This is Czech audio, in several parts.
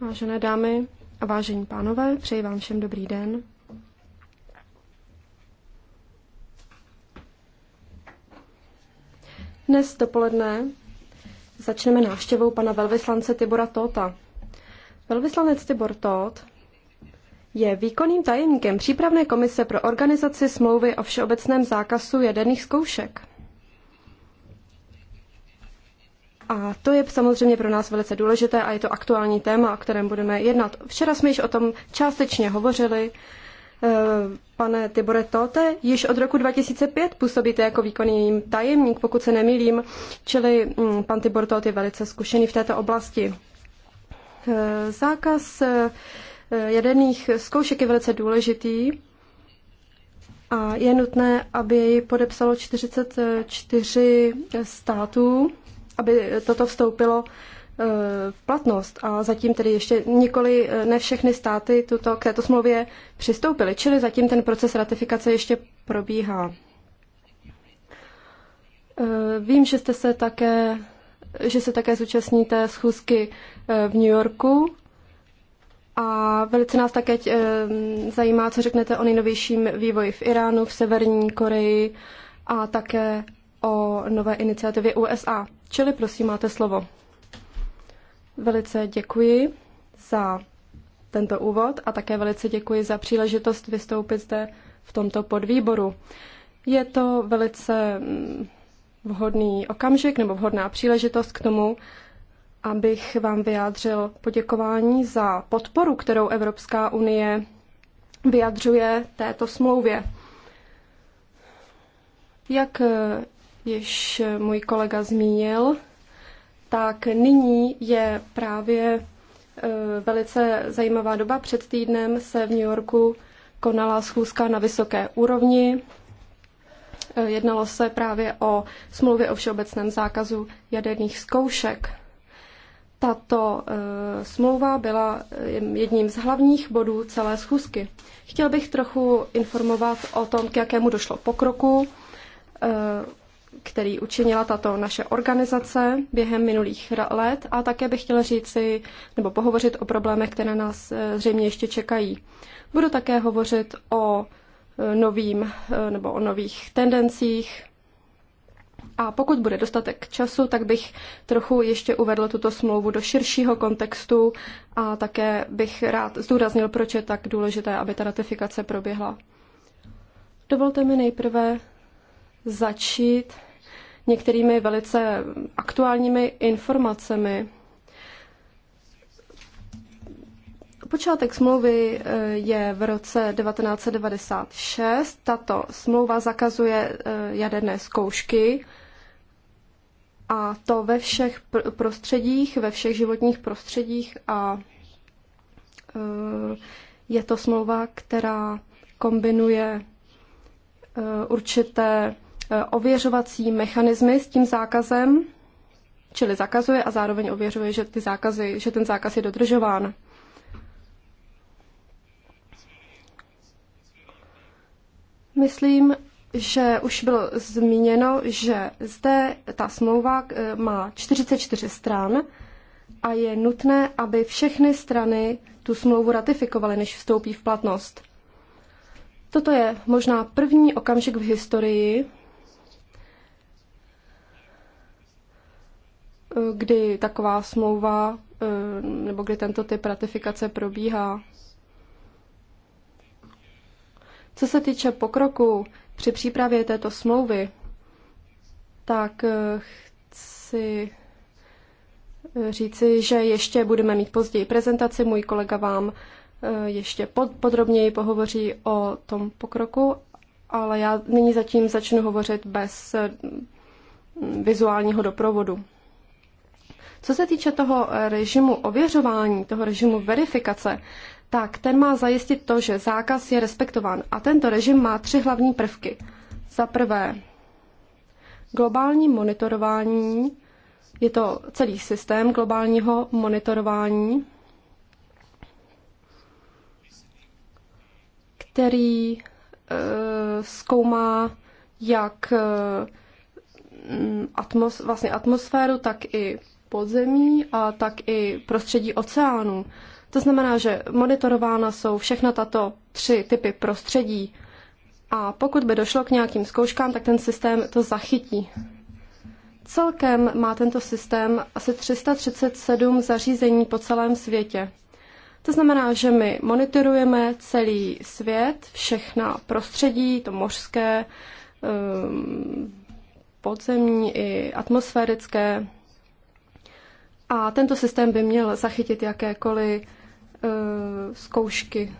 Vážené dámy a vážení pánové, přeji vám všem dobrý den. Dnes dopoledne začneme návštěvou pana velvyslance Tibora Tota. Velvyslanec Tibor Tot je výkonným tajemníkem přípravné komise pro organizaci smlouvy o všeobecném zákazu jaderných zkoušek. A to je samozřejmě pro nás velice důležité a je to aktuální téma, o kterém budeme jednat. Včera jsme již o tom částečně hovořili. E, pane Tibore Tote, již od roku 2005 působíte jako výkonný tajemník, pokud se nemýlím, čili mm, pan Tibor Tote je velice zkušený v této oblasti. E, zákaz e, jaderných zkoušek je velice důležitý a je nutné, aby jej podepsalo 44 států aby toto vstoupilo eh, v platnost a zatím tedy ještě nikoli eh, ne všechny státy tuto, k této smlouvě přistoupily, čili zatím ten proces ratifikace ještě probíhá. Eh, vím, že jste se také, že se také zúčastníte schůzky v New Yorku a velice nás také zajímá, co řeknete o nejnovějším vývoji v Iránu, v Severní Koreji a také o nové iniciativě USA. Čili prosím, máte slovo. Velice děkuji za tento úvod a také velice děkuji za příležitost vystoupit zde v tomto podvýboru. Je to velice mm, vhodný okamžik nebo vhodná příležitost k tomu, abych vám vyjádřil poděkování za podporu, kterou Evropská unie vyjadřuje této smlouvě. Jak již můj kolega zmínil, tak nyní je právě e, velice zajímavá doba. Před týdnem se v New Yorku konala schůzka na vysoké úrovni. E, jednalo se právě o smlouvě o všeobecném zákazu jaderných zkoušek. Tato e, smlouva byla jedním z hlavních bodů celé schůzky. Chtěl bych trochu informovat o tom, k jakému došlo pokroku který učinila tato naše organizace během minulých let a také bych chtěla říci nebo pohovořit o problémech, které nás eh, zřejmě ještě čekají. Budu také hovořit o eh, novým eh, nebo o nových tendencích a pokud bude dostatek času, tak bych trochu ještě uvedl tuto smlouvu do širšího kontextu a také bych rád zdůraznil, proč je tak důležité, aby ta ratifikace proběhla. Dovolte mi nejprve začít některými velice aktuálními informacemi. Počátek smlouvy eh, je v roce 1996. Tato smlouva zakazuje eh, jaderné zkoušky a to ve všech prostředích, ve všech životních prostředích a eh, je to smlouva, která kombinuje určité Eh, ověřovací mechanismy s tím zákazem, čili zakazuje a zároveň ověřuje, že, ty zákazy, že ten zákaz je dodržován. Myslím, že už bylo zmíněno, že zde ta smlouva eh, má 44 stran a je nutné, aby všechny strany tu smlouvu ratifikovaly, než vstoupí v platnost. Toto je možná první okamžik v historii, Eh, kdy taková smlouva eh, nebo kdy tento typ ratifikace probíhá. Co se týče pokroku při přípravě této smlouvy, tak eh, chci říci, že ještě budeme mít později prezentaci. Můj kolega vám ještě podrobněji pohovoří o tom pokroku, ale já nyní zatím začnu hovořit bez vizuálního doprovodu. Co se týče toho eh, režimu ověřování, toho režimu verifikace, tak ten má zajistit to, že zákaz je respektován. A tento režim má tři hlavní prvky. Za prvé, globální monitorování, je to celý systém globálního monitorování, který e, zkoumá jak eh, atmos, vlastně atmosféru, tak i podzemí a tak i prostředí oceánů. To znamená, že monitorována jsou všechna tato tři typy prostředí. A pokud by došlo k nějakým zkouškám, tak ten systém to zachytí. Celkem má tento systém asi 337 zařízení po celém světě. To znamená, že my monitorujeme celý svět, všechna prostředí, to mořské, ehm, podzemní i atmosférické a tento systém by měl zachytit jakékoliv uh, zkoušky.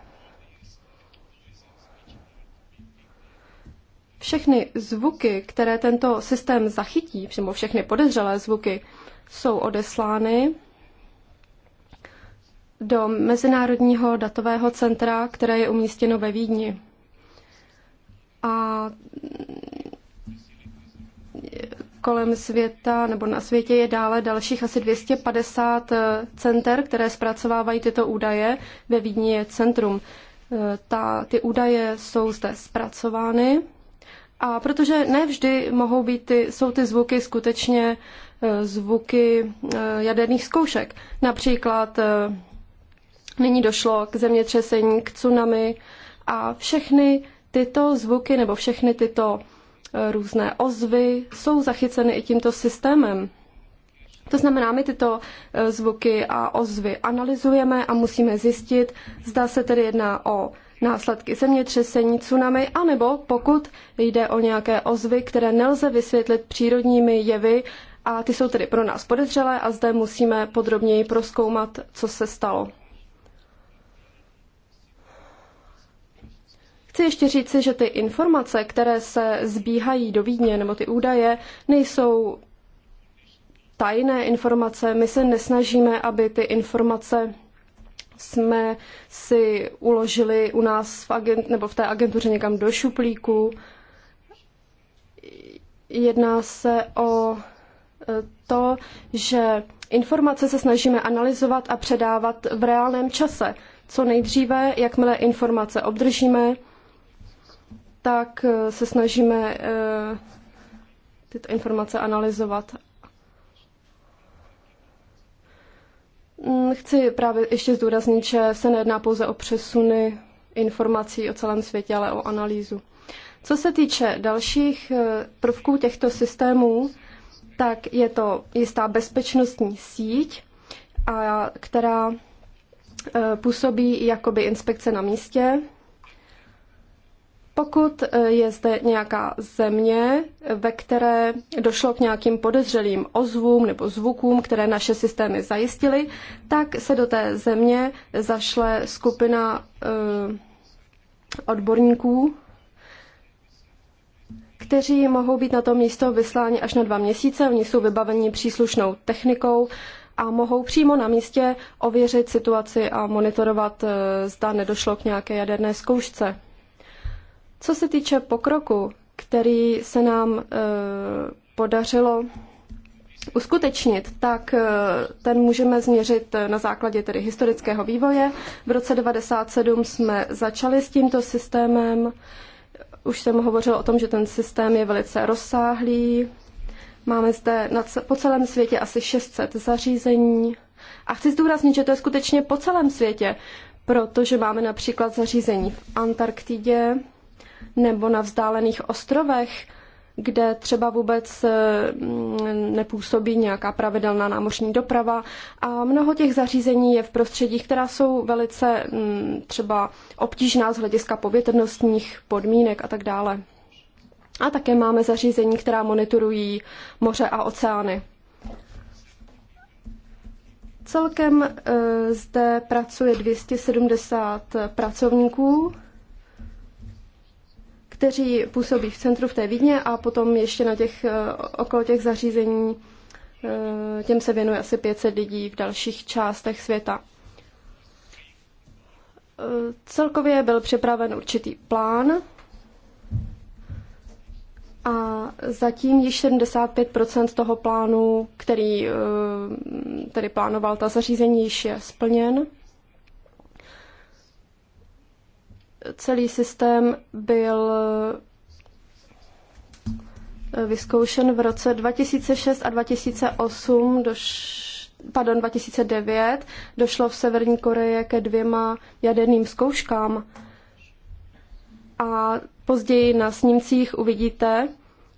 Všechny zvuky, které tento systém zachytí, přímo všechny podezřelé zvuky, jsou odeslány do Mezinárodního datového centra, které je umístěno ve Vídni. A kolem světa nebo na světě je dále dalších asi 250 eh, center, které zpracovávají tyto údaje. Ve Vídni je centrum. Eh, ta, ty údaje jsou zde zpracovány a protože ne vždy mohou být ty, jsou ty zvuky skutečně eh, zvuky jaderných zkoušek. Například nyní došlo k zemětřesení, k tsunami a všechny tyto zvuky nebo všechny tyto různé ozvy jsou zachyceny i tímto systémem. To znamená, my tyto e, zvuky a ozvy analyzujeme a musíme zjistit, zda se tedy jedná o následky zemětřesení, tsunami, anebo pokud jde o nějaké ozvy, které nelze vysvětlit přírodními jevy a ty jsou tedy pro nás podezřelé a zde musíme podrobněji proskoumat, co se stalo. Chci ještě říci, že ty informace, které se zbíhají do Vídně, nebo ty údaje, nejsou tajné informace. My se nesnažíme, aby ty informace jsme si uložili u nás v, agent, nebo v té agentuře někam do šuplíku. Jedná se o e, to, že informace se snažíme analyzovat a předávat v reálném čase. Co nejdříve, jakmile informace obdržíme, tak eh, se snažíme eh, tyto informace analyzovat. Mm, chci právě ještě zdůraznit, že se nejedná pouze o přesuny informací o celém světě, ale o analýzu. Co se týče dalších eh, prvků těchto systémů, tak je to jistá bezpečnostní síť, a která působí jakoby inspekce na místě. Pokud e, je zde nějaká země, ve které došlo k nějakým podezřelým ozvům nebo zvukům, které naše systémy zajistily, tak se do té země zašle skupina e, odborníků, kteří mohou být na to místo vysláni až na dva měsíce. Oni jsou vybaveni příslušnou technikou a mohou přímo na místě ověřit situaci a monitorovat, e, zda nedošlo k nějaké jaderné zkoušce. Co se týče pokroku, který se nám eh, podařilo uskutečnit, tak eh, ten můžeme změřit eh, na základě tedy historického vývoje. V roce 1997 jsme začali s tímto systémem. Už jsem hovořil o tom, že ten systém je velice rozsáhlý. Máme zde po celém světě asi 600 zařízení. A chci zdůraznit, že to je skutečně po celém světě, protože máme například zařízení v Antarktidě, nebo na vzdálených ostrovech, kde třeba vůbec eh, nepůsobí nějaká pravidelná námořní doprava. A mnoho těch zařízení je v prostředích, která jsou velice mm, třeba obtížná z hlediska povětrnostních podmínek a tak dále. A také máme zařízení, která monitorují moře a oceány. Celkem eh, zde pracuje 270 pracovníků kteří působí v centru v té Vídně a potom ještě na těch, eh, okolo těch zařízení eh, těm se věnuje asi 500 lidí v dalších částech světa. Eh, celkově byl připraven určitý plán a zatím již 75 toho plánu, který tedy plánoval ta zařízení, již je splněn. celý systém byl eh, vyzkoušen v roce 2006 a 2008, doš, pardon, 2009, došlo v Severní Koreji ke dvěma jaderným zkouškám. A později na snímcích uvidíte,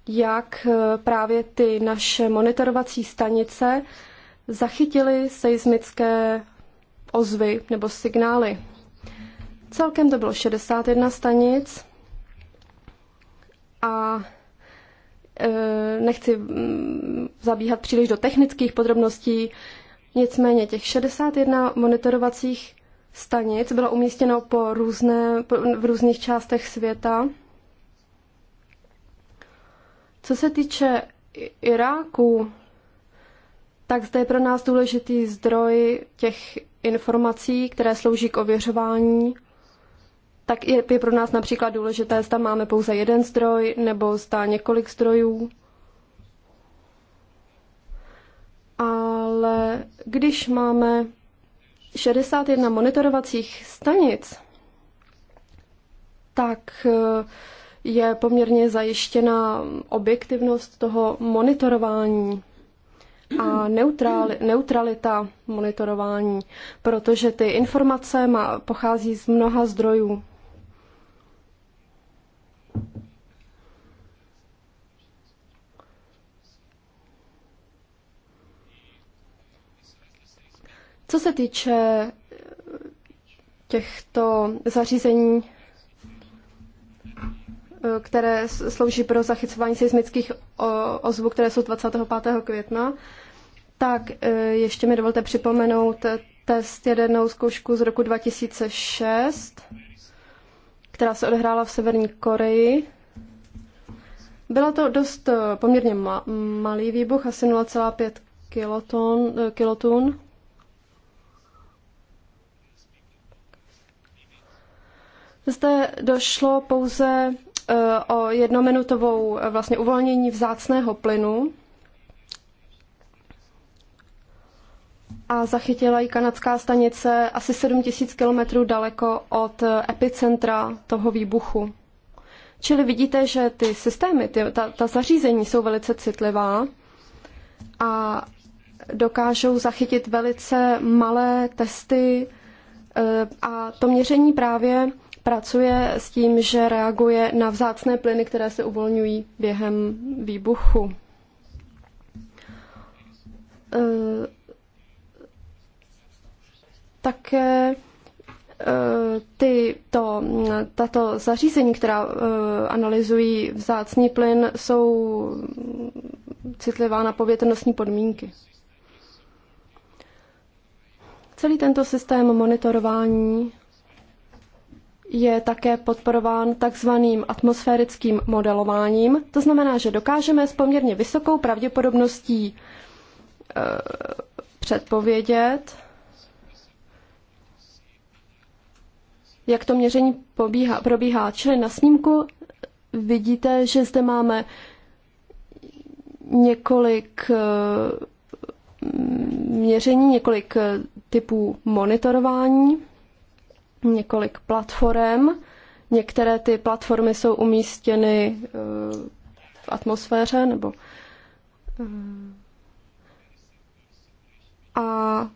jak eh, právě ty naše monitorovací stanice zachytily seismické ozvy nebo signály. Celkem to bylo 61 stanic a e, nechci mm, zabíhat příliš do technických podrobností, nicméně těch 61 monitorovacích stanic bylo umístěno po různé, po, v různých částech světa. Co se týče Iráku, tak zde je pro nás důležitý zdroj těch informací, které slouží k ověřování tak je, je pro nás například důležité, zda máme pouze jeden zdroj nebo zda několik zdrojů. Ale když máme 61 monitorovacích stanic, tak eh, je poměrně zajištěna objektivnost toho monitorování a neutrali, neutralita monitorování, protože ty informace má, pochází z mnoha zdrojů. Co se týče eh, těchto zařízení, eh, které slouží pro zachycování seismických ozvů, které jsou 25. května, tak eh, ještě mi dovolte připomenout test jedenou zkoušku z roku 2006, která se odehrála v Severní Koreji. Byla to dost poměrně ma- malý výbuch, asi 0,5 kiloton, kilotun. Zde došlo pouze eh, o jednominutovou eh, vlastně uvolnění vzácného plynu a zachytila ji kanadská stanice asi 7000 km daleko od eh, epicentra toho výbuchu. Čili vidíte, že ty systémy, ty, ta, ta zařízení jsou velice citlivá a dokážou zachytit velice malé testy a to měření právě pracuje s tím, že reaguje na vzácné plyny, které se uvolňují během výbuchu. E, také e, ty, to, tato zařízení, která e, analyzují vzácný plyn, jsou citlivá na povětrnostní podmínky. Celý tento systém monitorování je také podporován takzvaným atmosférickým modelováním. To znamená, že dokážeme s poměrně vysokou pravděpodobností e, předpovědět, jak to měření pobíhá, probíhá. Čili na snímku vidíte, že zde máme několik eh, měření, několik eh, typů monitorování několik platform. Některé ty platformy jsou umístěny eh, v atmosféře nebo eh, a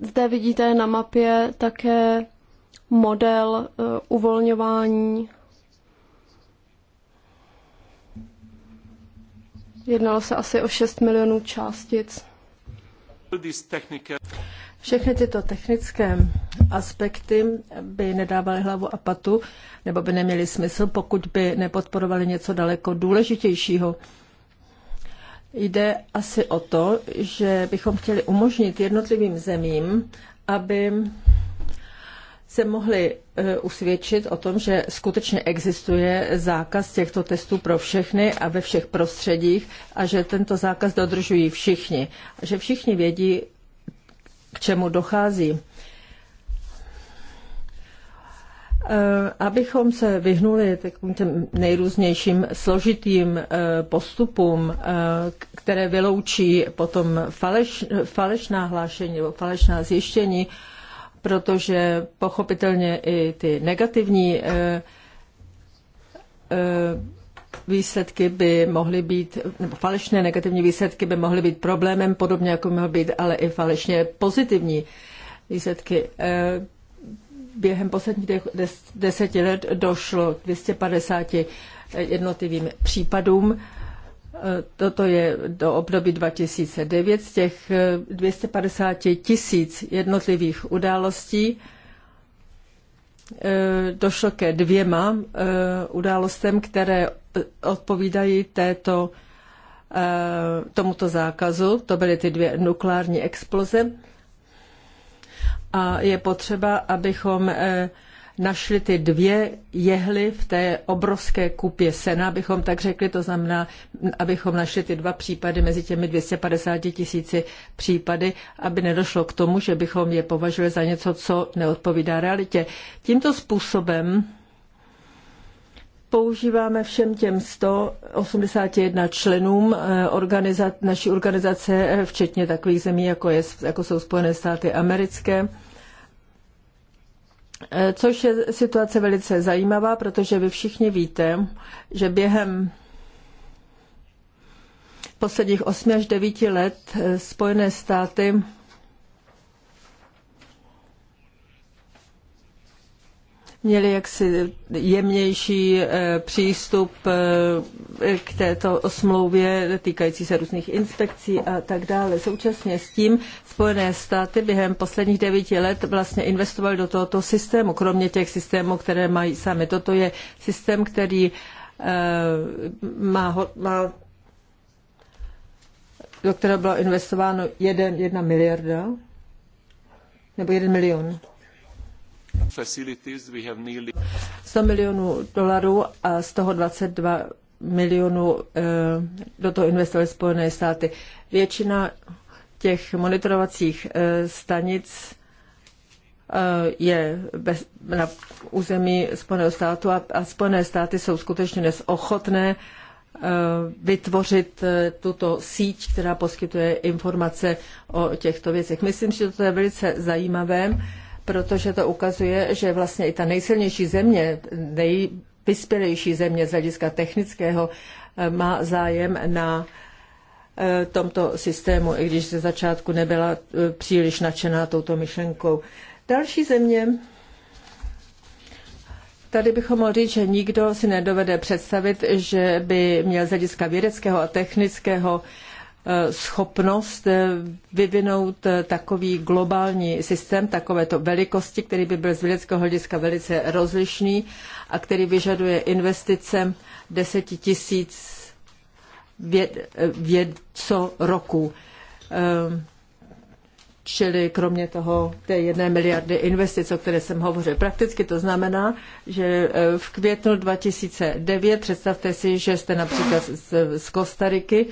zde vidíte na mapě také model eh, uvolňování. Jednalo se asi o 6 milionů částic. Všechny tyto technické aspekty by nedávaly hlavu a patu, nebo by neměly smysl, pokud by nepodporovaly něco daleko důležitějšího. Jde asi o to, že bychom chtěli umožnit jednotlivým zemím, aby se mohli e, usvědčit o tom, že skutečně existuje zákaz těchto testů pro všechny a ve všech prostředích a že tento zákaz dodržují všichni. Že všichni vědí, čemu dochází. E, abychom se vyhnuli takovým těm nejrůznějším složitým e, postupům, e, které vyloučí potom faleš, falešná hlášení nebo falešná zjištění, protože pochopitelně i ty negativní výsledky by mohly být, nebo falešné negativní výsledky by mohly být problémem, podobně jako mohly být ale i falešně pozitivní výsledky. Eh, během posledních deseti let došlo k 250 jednotlivým případům. Eh, toto je do období 2009. Z těch 250 eh, tisíc jednotlivých událostí došlo ke dvěma událostem, které odpovídají této, eh, tomuto zákazu. To byly ty dvě nukleární exploze. A je potřeba, abychom eh, našli ty dvě jehly v té obrovské kupě sena, abychom tak řekli, to znamená, abychom našli ty dva případy mezi těmi 250 tisíci případy, aby nedošlo k tomu, že bychom je považovali za něco, co neodpovídá realitě. Tímto způsobem používáme všem těm 181 členům eh, naší organizace, eh, včetně takových zemí, jako, je, jako jsou Spojené státy americké. Eh, což je situace velice zajímavá, protože vy všichni víte, že během posledních 8 až 9 let Spojené státy měli jaksi jemnější eh, přístup eh, k této smlouvě týkající se různých inspekcí a tak dále. Současně s tím Spojené státy během posledních devíti let vlastně investovaly do tohoto systému, kromě těch systémů, které mají sami. Toto je systém, který eh, má, má do kterého bylo investováno jedna miliarda nebo jeden milion. 100 milionů dolarů a z toho 22 milionů eh, do toho investovaly Spojené státy. Většina těch monitorovacích eh, stanic eh, je bez, na území Spojeného státu a, a Spojené státy jsou skutečně dnes ochotné vytvořit tuto síť, která poskytuje informace o těchto věcech. Myslím, že to je velice zajímavé protože to ukazuje, že vlastně i ta nejsilnější země, nejvyspělejší země z hlediska technického, eh, má zájem na eh, tomto systému, i když ze začátku nebyla eh, příliš nadšená touto myšlenkou. Další země, tady bychom mohli říct, že nikdo si nedovede představit, že by měl z hlediska vědeckého a technického schopnost eh, vyvinout eh, takový globální systém, takovéto velikosti, který by byl z vědeckého hlediska velice rozlišný a který vyžaduje investice deseti tisíc věd, vědco roku. Ehm, čili kromě toho té jedné miliardy investic, o které jsem hovořil. Prakticky to znamená, že eh, v květnu 2009, představte si, že jste například z, z Kostariky,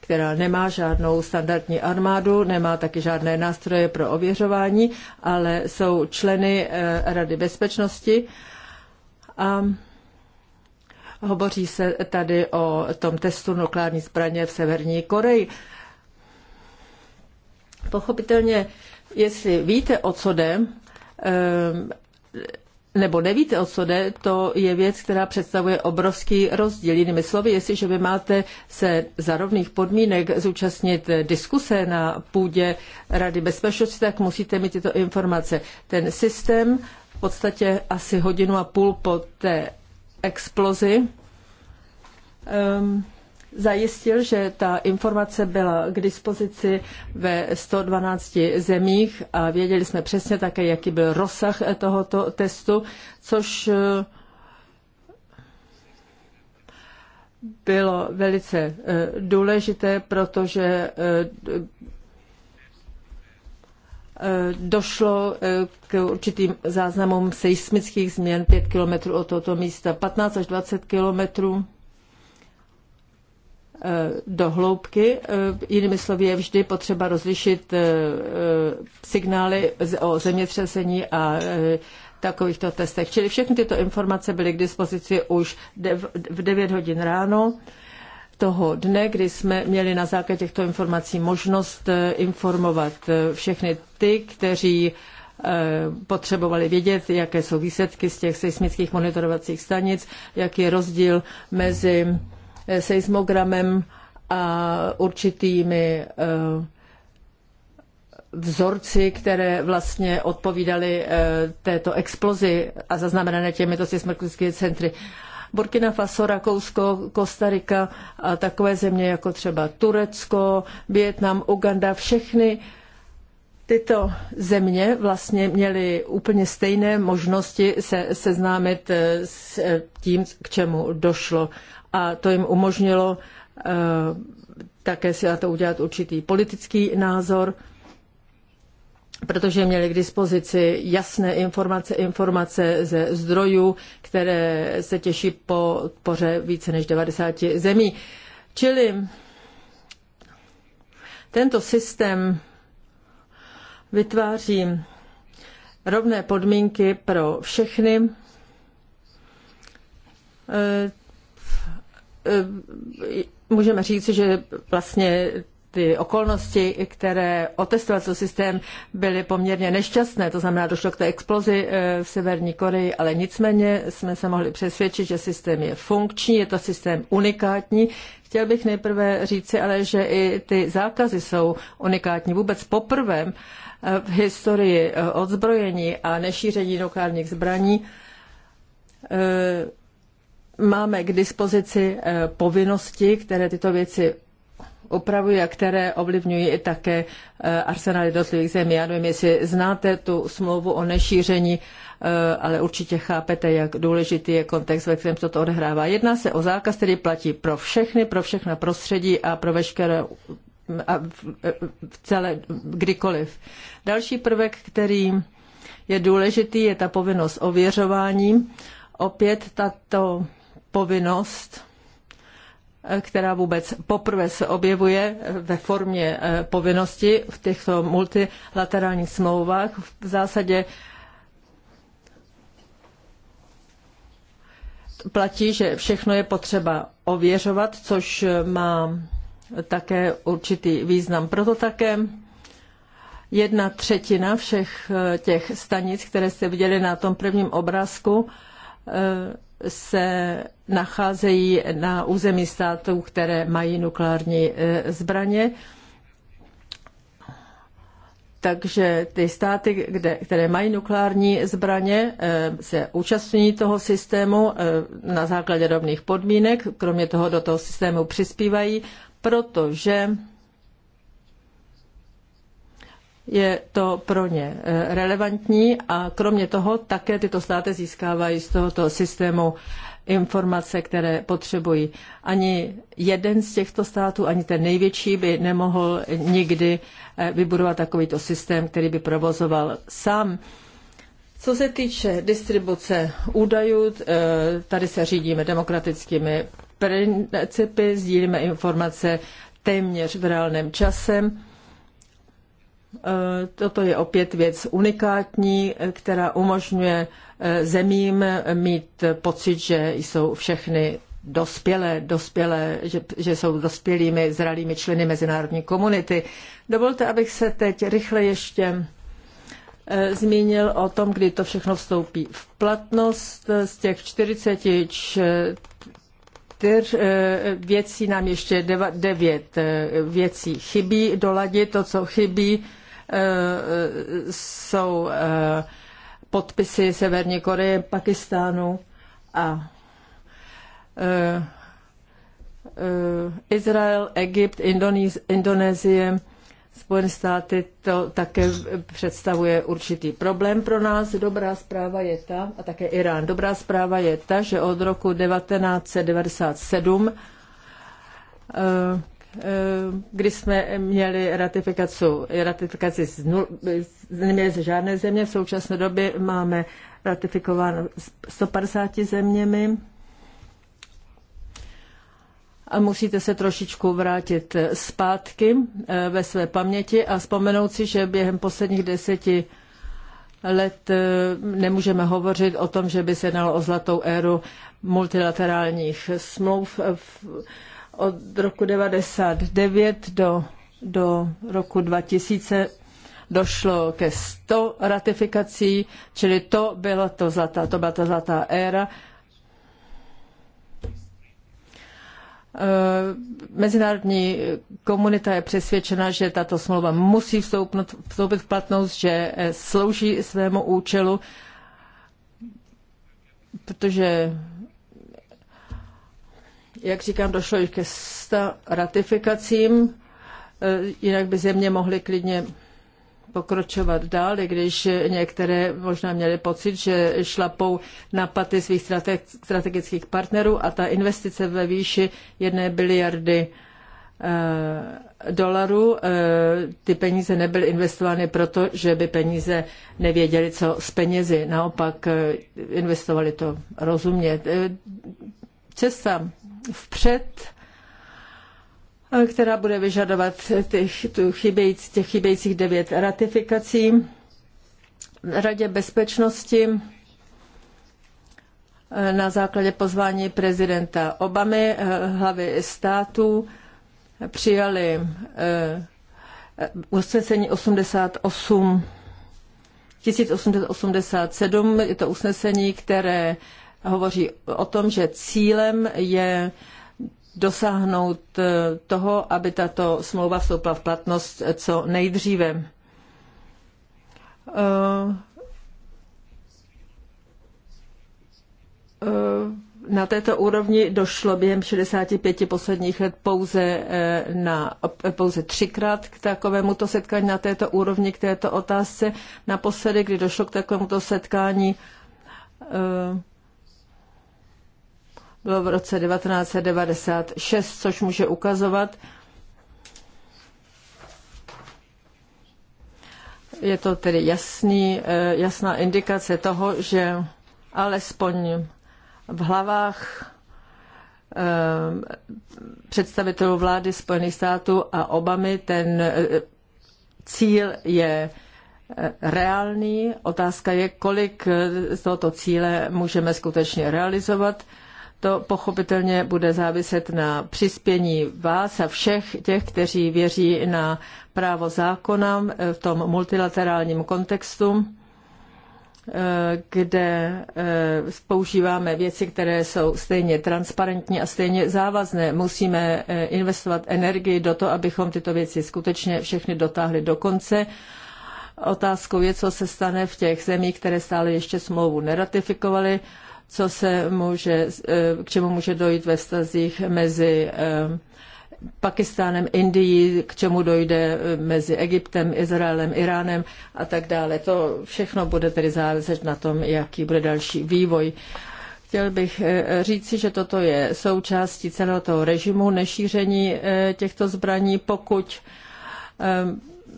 která nemá žádnou standardní armádu, nemá taky žádné nástroje pro ověřování, ale jsou členy eh, Rady bezpečnosti. A hovoří se tady o tom testu nukleární zbraně v Severní Koreji. Pochopitelně, jestli víte, o co jde, eh, nebo nevíte, o co jde, to je věc, která představuje obrovský rozdíl. Jinými slovy, jestliže vy máte se za rovných podmínek zúčastnit diskuse na půdě Rady bezpečnosti, tak musíte mít tyto informace. Ten systém v podstatě asi hodinu a půl po té explozi um, zajistil, že ta informace byla k dispozici ve 112 zemích a věděli jsme přesně také, jaký byl rozsah tohoto testu, což eh, bylo velice eh, důležité, protože eh, došlo k určitým záznamům seismických změn 5 kilometrů od tohoto místa, 15 až 20 kilometrů Eh, do hloubky. Eh, jinými slovy je vždy potřeba rozlišit eh, signály o zemětřesení a takovýchto testech. Čili všechny tyto informace byly k dispozici už v 9 hodin ráno toho dne, kdy jsme měli na základě těchto informací možnost informovat všechny ty, kteří potřebovali vědět, jaké jsou výsledky z těch seismických monitorovacích stanic, jaký je rozdíl mezi Eh, seismogramem a určitými eh, vzorci, které vlastně odpovídaly eh, této explozi a zaznamenané těmito seismickými centry. Burkina Faso, Rakousko, Kostarika a takové země jako třeba Turecko, Vietnam, Uganda, všechny tyto země vlastně měly úplně stejné možnosti se seznámit s tím, k čemu došlo a to jim umožnilo eh, také si na to udělat určitý politický názor, protože měli k dispozici jasné informace, informace ze zdrojů, které se těší po poře více než 90 zemí. Čili tento systém vytváří rovné podmínky pro všechny eh, Eh, můžeme říct, že vlastně ty okolnosti, které otestovací systém byly poměrně nešťastné, to znamená, došlo k té explozi eh, v Severní Koreji, ale nicméně jsme se mohli přesvědčit, že systém je funkční, je to systém unikátní. Chtěl bych nejprve říci ale, že i ty zákazy jsou unikátní. Vůbec poprvé eh, v historii odzbrojení a nešíření nukleárních zbraní máme k dispozici eh, povinnosti, které tyto věci upravují a které ovlivňují i také eh, arsenál jednotlivých zemí. Já nevím, jestli znáte tu smlouvu o nešíření, eh, ale určitě chápete, jak důležitý je kontext, ve kterém se to odehrává. Jedná se o zákaz, který platí pro všechny, pro všechna prostředí a pro veškeré mm, a v celé, kdykoliv. Další prvek, který je důležitý, je ta povinnost ověřování. Opět tato povinnost, eh, která vůbec poprvé se objevuje eh, ve formě eh, povinnosti v těchto multilaterálních smlouvách. V zásadě platí, že všechno je potřeba ověřovat, což má také určitý význam. Proto také jedna třetina všech těch stanic, které jste viděli na tom prvním obrázku, se nacházejí na území států, které mají nukleární e, zbraně. Takže ty státy, kde, které mají nukleární zbraně, e, se účastní toho systému e, na základě rovných podmínek. Kromě toho do toho systému přispívají, protože je to pro ně eh, relevantní a kromě toho také tyto státy získávají z tohoto systému informace, které potřebují. Ani jeden z těchto států, ani ten největší, by nemohl nikdy eh, vybudovat takovýto systém, který by provozoval sám. Co se týče distribuce údajů, eh, tady se řídíme demokratickými principy, sdílíme informace téměř v reálném časem Eh, toto je opět věc unikátní, eh, která umožňuje eh, zemím mít pocit, že jsou všechny dospělé, dospělé že, že jsou dospělými, zralými členy mezinárodní komunity. Dovolte, abych se teď rychle ještě zmínil o tom, kdy to všechno vstoupí v platnost. Z těch 44 věcí nám ještě devět věcí chybí doladit. To, co chybí, Eh, jsou eh, podpisy Severní Koreje, Pakistánu a eh, Izrael, Egypt, Indonésie, Spojené státy, to také představuje určitý problém pro nás. Dobrá zpráva je ta, a také Irán, dobrá zpráva je ta, že od roku 1997 Eh, kdy jsme měli ratifikaci, ratifikaci z nul, eh, neměli ze žádné země, v současné době máme ratifikováno 150 zeměmi. A musíte se trošičku vrátit eh, zpátky ve své paměti a vzpomenout si, že během posledních deseti let nemůžeme hovořit o tom, že by se jednalo o zlatou éru multilaterálních smluv. V od roku 99 do, do roku 2000 došlo ke 100 ratifikací, čili to byla, to zlatá, to byla ta zlatá éra. Eh, mezinárodní komunita je přesvědčena, že tato smlouva musí vstoupnout, vstoupit v platnost, že eh, slouží svému účelu, protože jak říkám, došlo již ke 100 ratifikacím, e, jinak by země mohly klidně pokročovat dál, i když některé možná měly pocit, že šlapou na paty svých strategických partnerů a ta investice ve výši jedné biliardy e, dolarů, e, ty peníze nebyly investovány proto, že by peníze nevěděli, co s penězi. Naopak investovali to rozumně. Cesta vpřed, eh, která bude vyžadovat těch, tu těch chybějících devět ratifikací. Radě bezpečnosti eh, na základě pozvání prezidenta Obamy eh, hlavy států přijali usnesení 88 1887. Je to usnesení, které hovoří o tom, že cílem je dosáhnout eh, toho, aby tato smlouva vstoupila v platnost eh, co nejdříve. Eh, na této úrovni došlo během 65 posledních let pouze, na, pouze třikrát k takovémuto setkání na této úrovni, k této otázce. Naposledy, kdy došlo k takovémuto setkání, bylo v roce 1996, což může ukazovat, je to tedy jasný, eh, jasná indikace toho, že alespoň v hlavách eh, představitelů vlády Spojených států a Obamy ten eh, cíl je reálný. Otázka je, kolik z tohoto cíle můžeme skutečně realizovat. To pochopitelně bude záviset na přispění vás a všech těch, kteří věří na právo zákona v tom multilaterálním kontextu, eh, kde eh, používáme věci, které jsou stejně transparentní a stejně závazné. Musíme eh, investovat energii do toho, abychom tyto věci skutečně všechny dotáhli do konce. Otázkou je, co se stane v těch zemích, které stále ještě smlouvu neratifikovaly co se může, eh, k čemu může dojít ve vztazích mezi eh, Pakistánem, Indií, k čemu dojde eh, mezi Egyptem, Izraelem, Iránem a tak dále. To všechno bude tedy záležet na tom, jaký bude další vývoj. Chtěl bych říci, že toto je součástí celého toho režimu nešíření těchto zbraní. Pokud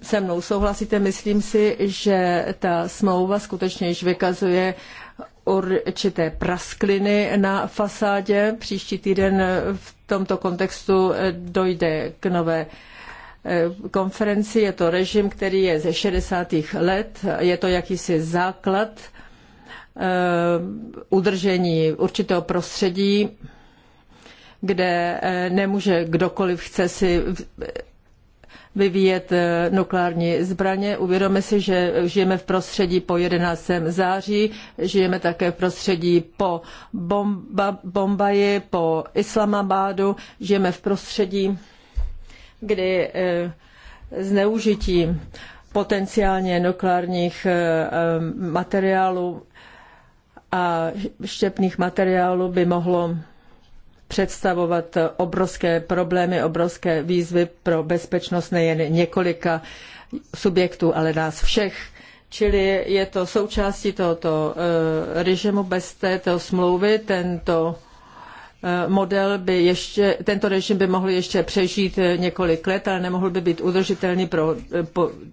se mnou souhlasíte, myslím si, že ta smlouva skutečně již vykazuje určité praskliny na fasádě. Příští týden v tomto kontextu eh, dojde k nové eh, konferenci. Je to režim, který je ze 60. let. Je to jakýsi základ eh, udržení určitého prostředí, kde nemůže kdokoliv chce si vyvíjet eh, nukleární zbraně. uvědomíme si, že žijeme v prostředí po 11. září, žijeme také v prostředí po bomba, Bombaji, po Islamabadu, žijeme v prostředí, kdy eh, zneužití potenciálně nukleárních eh, materiálů a štěpných materiálů by mohlo představovat obrovské problémy, obrovské výzvy pro bezpečnost nejen několika subjektů, ale nás všech. Čili je to součástí tohoto eh, režimu bez této smlouvy, tento eh, model by ještě, tento režim by mohl ještě přežít eh, několik let, ale nemohl by být udržitelný pro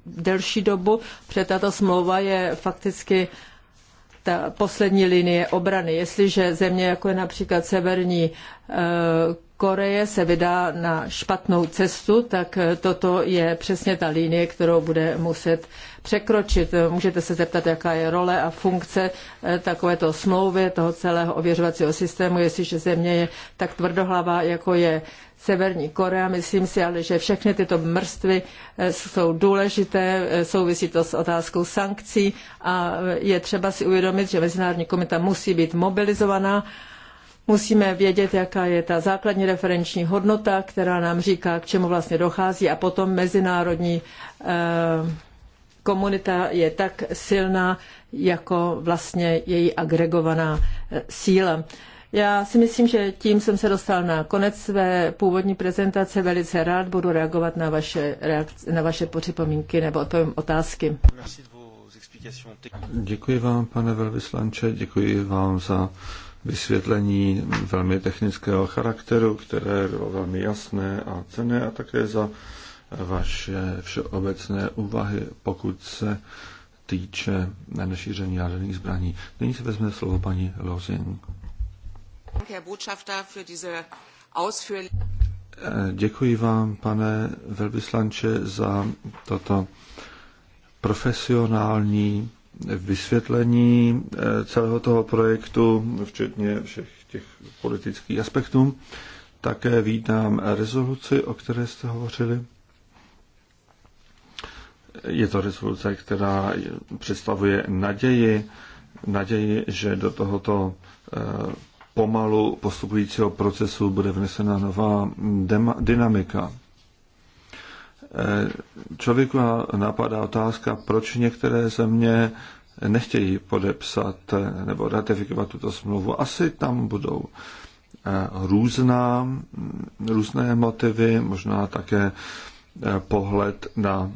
delší dobu, protože tato smlouva je fakticky ta poslední linie obrany. Jestliže země, jako je například Severní eh, Koreje se vydá na špatnou cestu, tak toto je přesně ta linie, kterou bude muset překročit. Můžete se zeptat, jaká je role a funkce eh, takovéto smlouvy, toho celého ověřovacího systému, jestliže země je tak tvrdohlavá, jako je Severní Korea. Myslím si ale, že všechny tyto mrstvy eh, jsou důležité, eh, souvisí to s otázkou sankcí a je třeba si uvědomit, že Mezinárodní komita musí být mobilizovaná Musíme vědět, jaká je ta základní referenční hodnota, která nám říká, k čemu vlastně dochází a potom mezinárodní eh, komunita je tak silná, jako vlastně její agregovaná eh, síla. Já si myslím, že tím jsem se dostal na konec své původní prezentace. Velice rád budu reagovat na vaše, reakce, na vaše připomínky nebo odpovím otázky. Děkuji vám, pane velvyslanče, děkuji vám za vysvětlení velmi technického charakteru, které bylo velmi jasné a cené a také za vaše všeobecné úvahy, pokud se týče nešíření jaderných zbraní. Nyní se vezme slovo paní Lozing. Děkuji vám, pane velvyslanče, za toto profesionální vysvětlení eh, celého toho projektu, včetně všech těch politických aspektů. Také vítám rezoluci, o které jste hovořili. Je to rezoluce, která představuje naději, naději, že do tohoto eh, pomalu postupujícího procesu bude vnesena nová dynamika člověku napadá otázka, proč některé země nechtějí podepsat nebo ratifikovat tuto smlouvu. Asi tam budou eh, různá, různé motivy, možná také eh, pohled na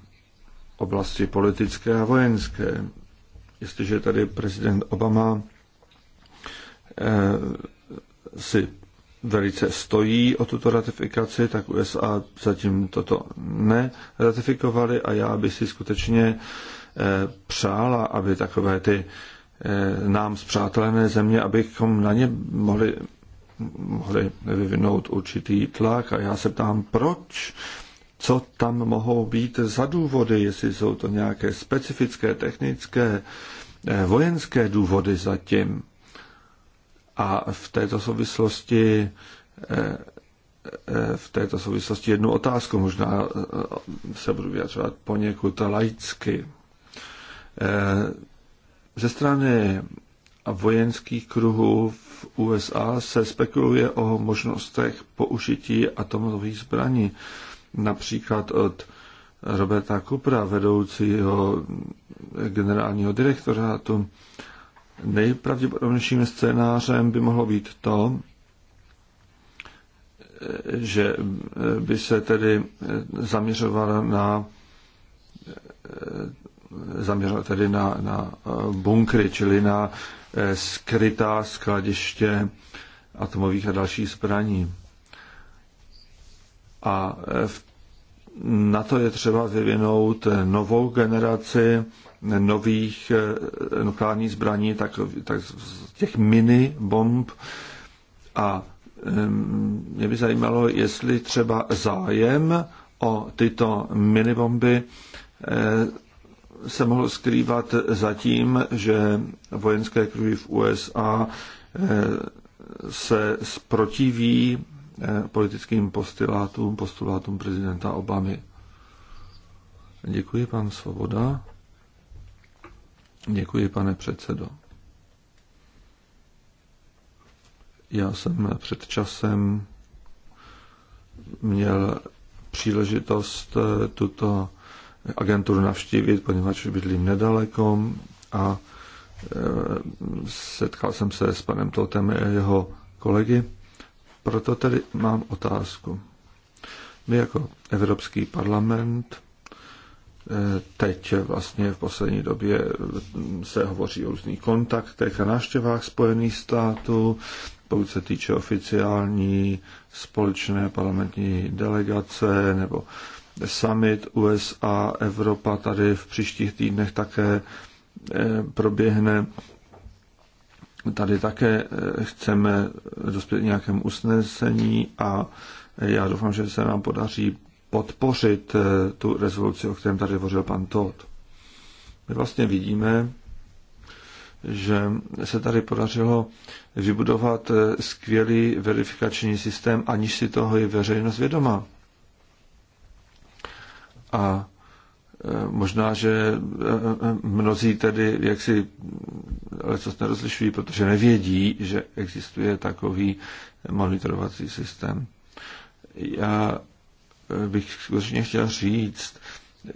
oblasti politické a vojenské. Jestliže tady prezident Obama eh, si velice stojí o tuto ratifikaci, tak USA zatím toto neratifikovali a já bych si skutečně eh, přála, aby takové ty eh, nám zpřátelené země, abychom na ně mohli, mohli vyvinout určitý tlak. A já se ptám, proč? Co tam mohou být za důvody, jestli jsou to nějaké specifické, technické, eh, vojenské důvody zatím? A v této souvislosti eh, eh, v této souvislosti jednu otázku, možná eh, se budu vyjadřovat poněkud laicky. Ze strany vojenských kruhů v USA se spekuluje o možnostech použití atomových zbraní. Například od Roberta Kupra, vedoucího generálního direktorátu Nejpravděpodobnějším scénářem by mohlo být to, že by se tedy zaměřovala na zaměřovala tedy na, na bunkry, čili na skrytá skladiště atomových a dalších zbraní. A v, na to je třeba vyvinout novou generaci nových eh, nukleárních zbraní, tak, tak těch mini bomb. A mě by zajímalo, jestli třeba zájem o tyto minibomby eh, se mohl skrývat za tím, že vojenské kruhy v USA eh, se sprotiví politickým postulátům, postulátům prezidenta Obamy. Děkuji, pan Svoboda. Děkuji, pane předsedo. Já jsem před časem měl příležitost tuto agenturu navštívit, poněvadž bydlím nedaleko a e, setkal jsem se s panem Totem a jeho kolegy. Proto tedy mám otázku. My jako Evropský parlament Teď vlastně v poslední době se hovoří o různých kontaktech a návštěvách Spojených států, pokud se týče oficiální společné parlamentní delegace nebo summit USA Evropa tady v příštích týdnech také eh, proběhne. Tady také eh, chceme dospět nějakém usnesení a já doufám, že se nám podaří podpořit eh, tu rezoluci, o kterém tady hovořil pan Todd. My vlastně vidíme, že se tady podařilo vybudovat eh, skvělý verifikační systém, aniž si toho je veřejnost vědoma. A eh, možná, že mnozí tedy jaksi lecos nerozlišují, protože nevědí, že existuje takový monitorovací systém. Já bych skutečně chtěl říct,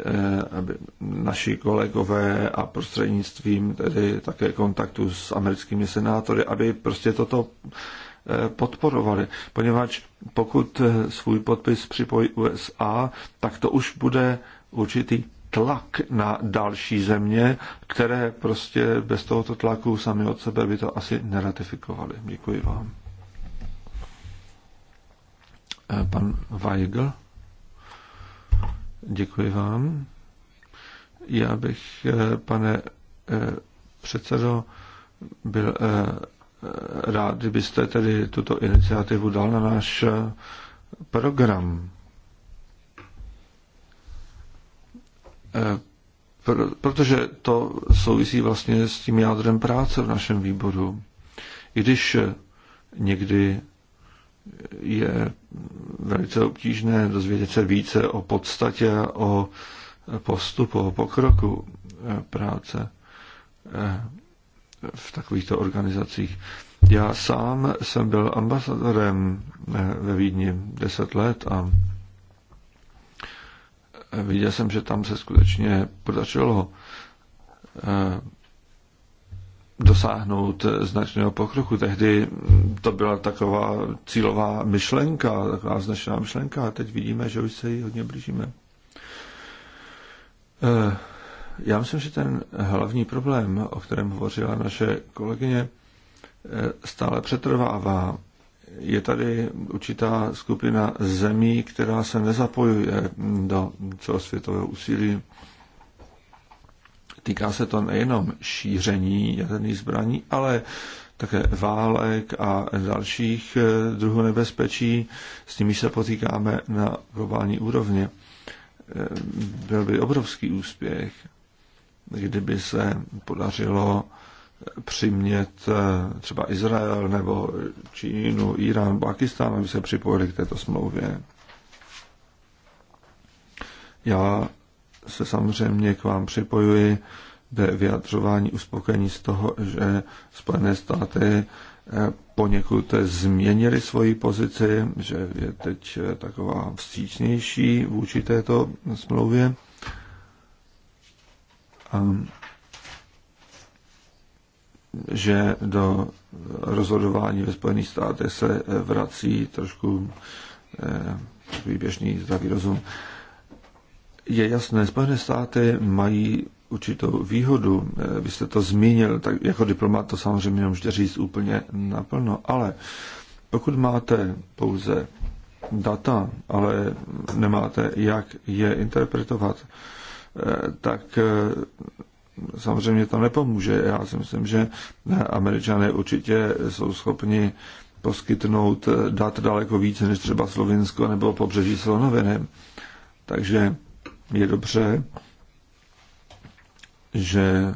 eh, aby naši kolegové a prostřednictvím tedy také kontaktu s americkými senátory, aby prostě toto eh, podporovali, poněvadž pokud eh, svůj podpis připojí USA, tak to už bude určitý tlak na další země, které prostě bez tohoto tlaku sami od sebe by to asi neratifikovali. Děkuji vám. Pan Weigl. Děkuji vám. Já bych, eh, pane eh, předsedo, byl eh, rád, kdybyste tedy tuto iniciativu dal na náš program. Protože to souvisí vlastně s tím jádrem práce v našem výboru. I když někdy je velice obtížné dozvědět se více o podstatě, o postupu, o pokroku eh, práce eh, v takovýchto organizacích. Já sám jsem byl ambasadorem eh, ve Vídni 10 let a viděl jsem, že tam se skutečně podařilo dosáhnout značného pokroku. Tehdy to byla taková cílová myšlenka, taková značná myšlenka a teď vidíme, že už se jí hodně blížíme. Eh, já myslím, že ten hlavní problém, o kterém hovořila naše kolegyně, eh, stále přetrvává. Je tady určitá skupina zemí, která se nezapojuje do celosvětového úsilí týká se to nejenom šíření jaderných zbraní, ale také válek a dalších eh, druhů nebezpečí, s nimi se potýkáme na globální úrovni. Eh, byl by obrovský úspěch, kdyby se podařilo eh, přimět třeba Izrael nebo Čínu, Irán, Pakistán, aby se připojili k této smlouvě. Já se samozřejmě k vám připojuji ve vyjadřování uspokojení z toho, že Spojené státy eh, poněkud změnili svoji pozici, že je teď eh, taková vstřícnější vůči této smlouvě. A že do rozhodování ve Spojených státech se eh, vrací trošku výběžný zdravý rozum je jasné, Spojené státy mají určitou výhodu. Eh, vy jste to zmínil, tak jako diplomat to samozřejmě nemůžete říct úplně naplno, ale pokud máte pouze data, ale nemáte, jak je interpretovat, eh, tak eh, samozřejmě to nepomůže. Já si myslím, že američané určitě jsou schopni poskytnout dat daleko více než třeba Slovinsko nebo pobřeží Slonoviny. Takže je dobře, že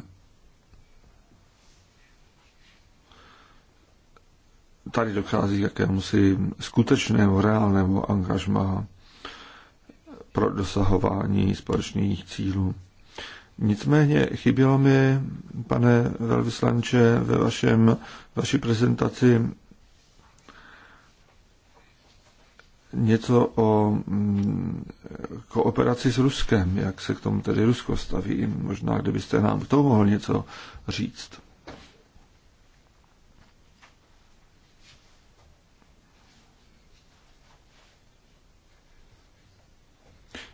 tady dochází k jakémusi skutečnému, reálnému angažmá pro dosahování společných cílů. Nicméně chybělo mi, pane velvyslanče, ve vašem, vaší prezentaci něco o mm, kooperaci s Ruskem, jak se k tomu tedy Rusko staví. Možná, kdybyste nám k tomu mohl něco říct.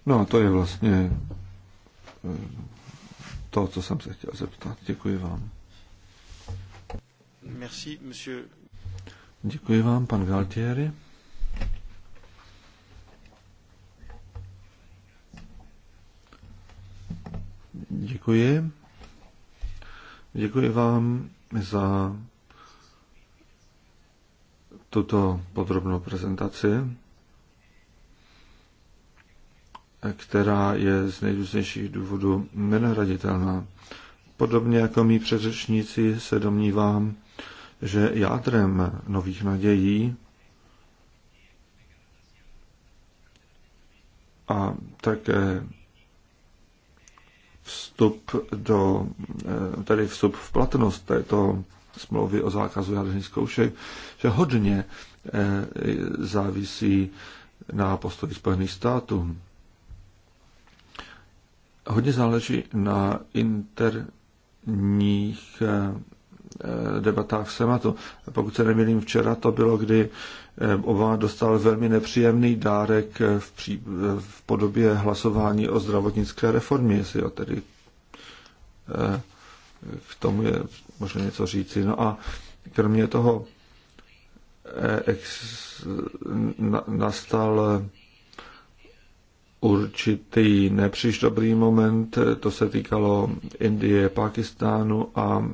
No a to je vlastně eh, to, co jsem se chtěl zeptat. Děkuji vám. Merci, monsieur. Děkuji vám, pan Galtieri. Děkuji. Děkuji vám za tuto podrobnou prezentaci, která je z nejrůznějších důvodů nenahraditelná. Podobně jako mý předřečníci se domnívám, že jádrem nových nadějí a také vstup, do, eh, tedy vstup v platnost této smlouvy o zákazu jaderných zkoušek, že hodně eh, závisí na postoji Spojených států. Hodně záleží na interních eh, Eh, debatách v Sematu. Pokud se nemýlím, včera to bylo, kdy eh, Obama dostal velmi nepříjemný dárek eh, v, pří, v podobě hlasování o zdravotnické reformě, jestli jo, tedy k tomu je možná něco říci. No a kromě toho ex, na, nastal určitý nepříš dobrý moment. To se týkalo Indie, Pakistánu a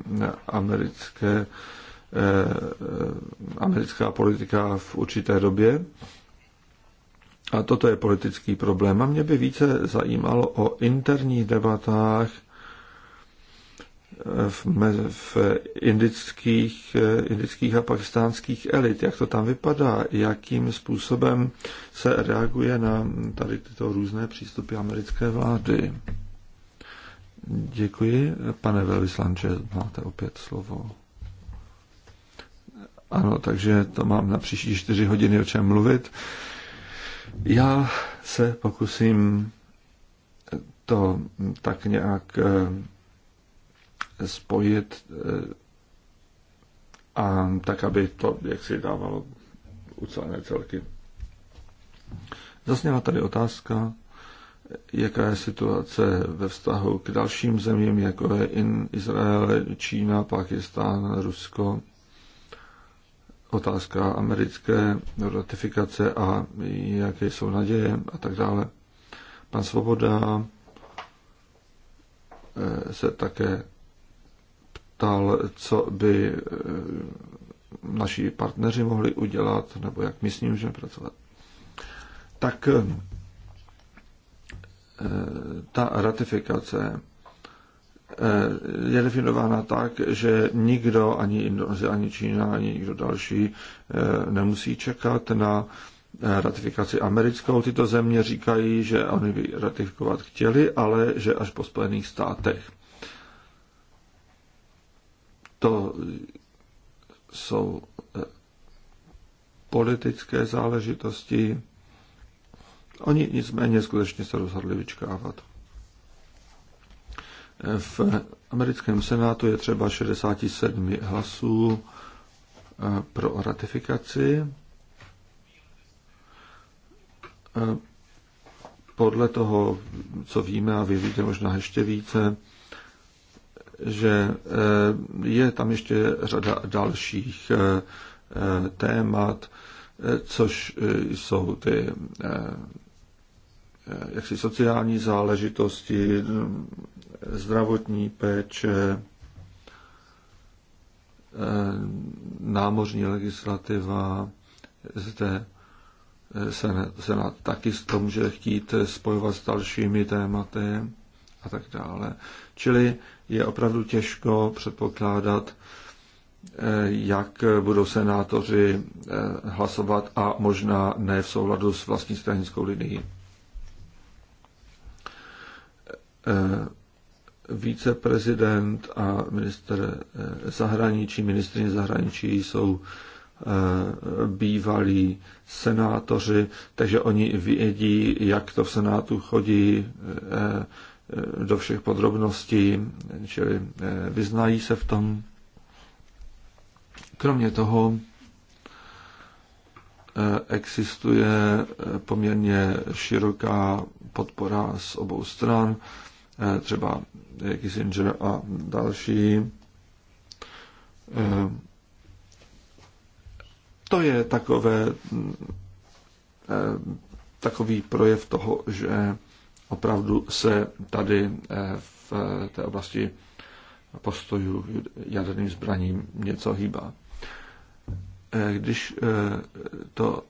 americké, eh, americká politika v určité době. A toto je politický problém. A mě by více zajímalo o interních debatách v, v indických, indických a pakistánských elit, jak to tam vypadá, jakým způsobem se reaguje na tady tyto různé přístupy americké vlády. Děkuji. Pane velvyslanče, máte opět slovo. Ano, takže to mám na příští čtyři hodiny o čem mluvit. Já se pokusím to tak nějak eh, spojit eh, a tak, aby to jak si dávalo ucelené celky. Zasněla tady otázka, jaká je situace ve vztahu k dalším zemím, jako je in Izrael, Čína, Pakistán, Rusko. Otázka americké ratifikace a jaké jsou naděje a tak dále. Pan Svoboda eh, se také ptal, co by eh, naši partneři mohli udělat, nebo jak my s ním můžeme pracovat. Tak eh, ta ratifikace eh, je definována tak, že nikdo, ani Indonésie, ani Čína, ani nikdo další nemusí čekat na ratifikaci americkou. Tyto země říkají, že oni by ratifikovat chtěli, ale že až po Spojených státech to jsou eh, politické záležitosti. Oni nicméně skutečně se rozhodli vyčkávat. Eh, v americkém senátu je třeba 67 hlasů eh, pro ratifikaci. Podle toho, co víme, a vy víte možná ještě více, že eh, je tam ještě řada dalších eh, eh, témat, což jsou ty jaksi sociální záležitosti, mm, zdravotní péče, námořní legislativa, zde Senát taky s tom, může chtít spojovat s dalšími tématy a tak dále. Čili je opravdu těžko předpokládat, eh, jak budou senátoři eh, hlasovat a možná ne v souladu s vlastní stranickou linií. Eh, Víceprezident a minister zahraničí, ministrině zahraničí jsou bývalí senátoři, takže oni vědí, jak to v senátu chodí, Eh, do všech podrobností, čili eh, vyznají se v tom. Kromě toho eh, existuje poměrně široká podpora z obou stran, třeba Kissinger a další. To je takové, mm, takový projev toho, že opravdu se tady eh, v eh, té oblasti postojů jaderným zbraním něco hýbá. Eh, když to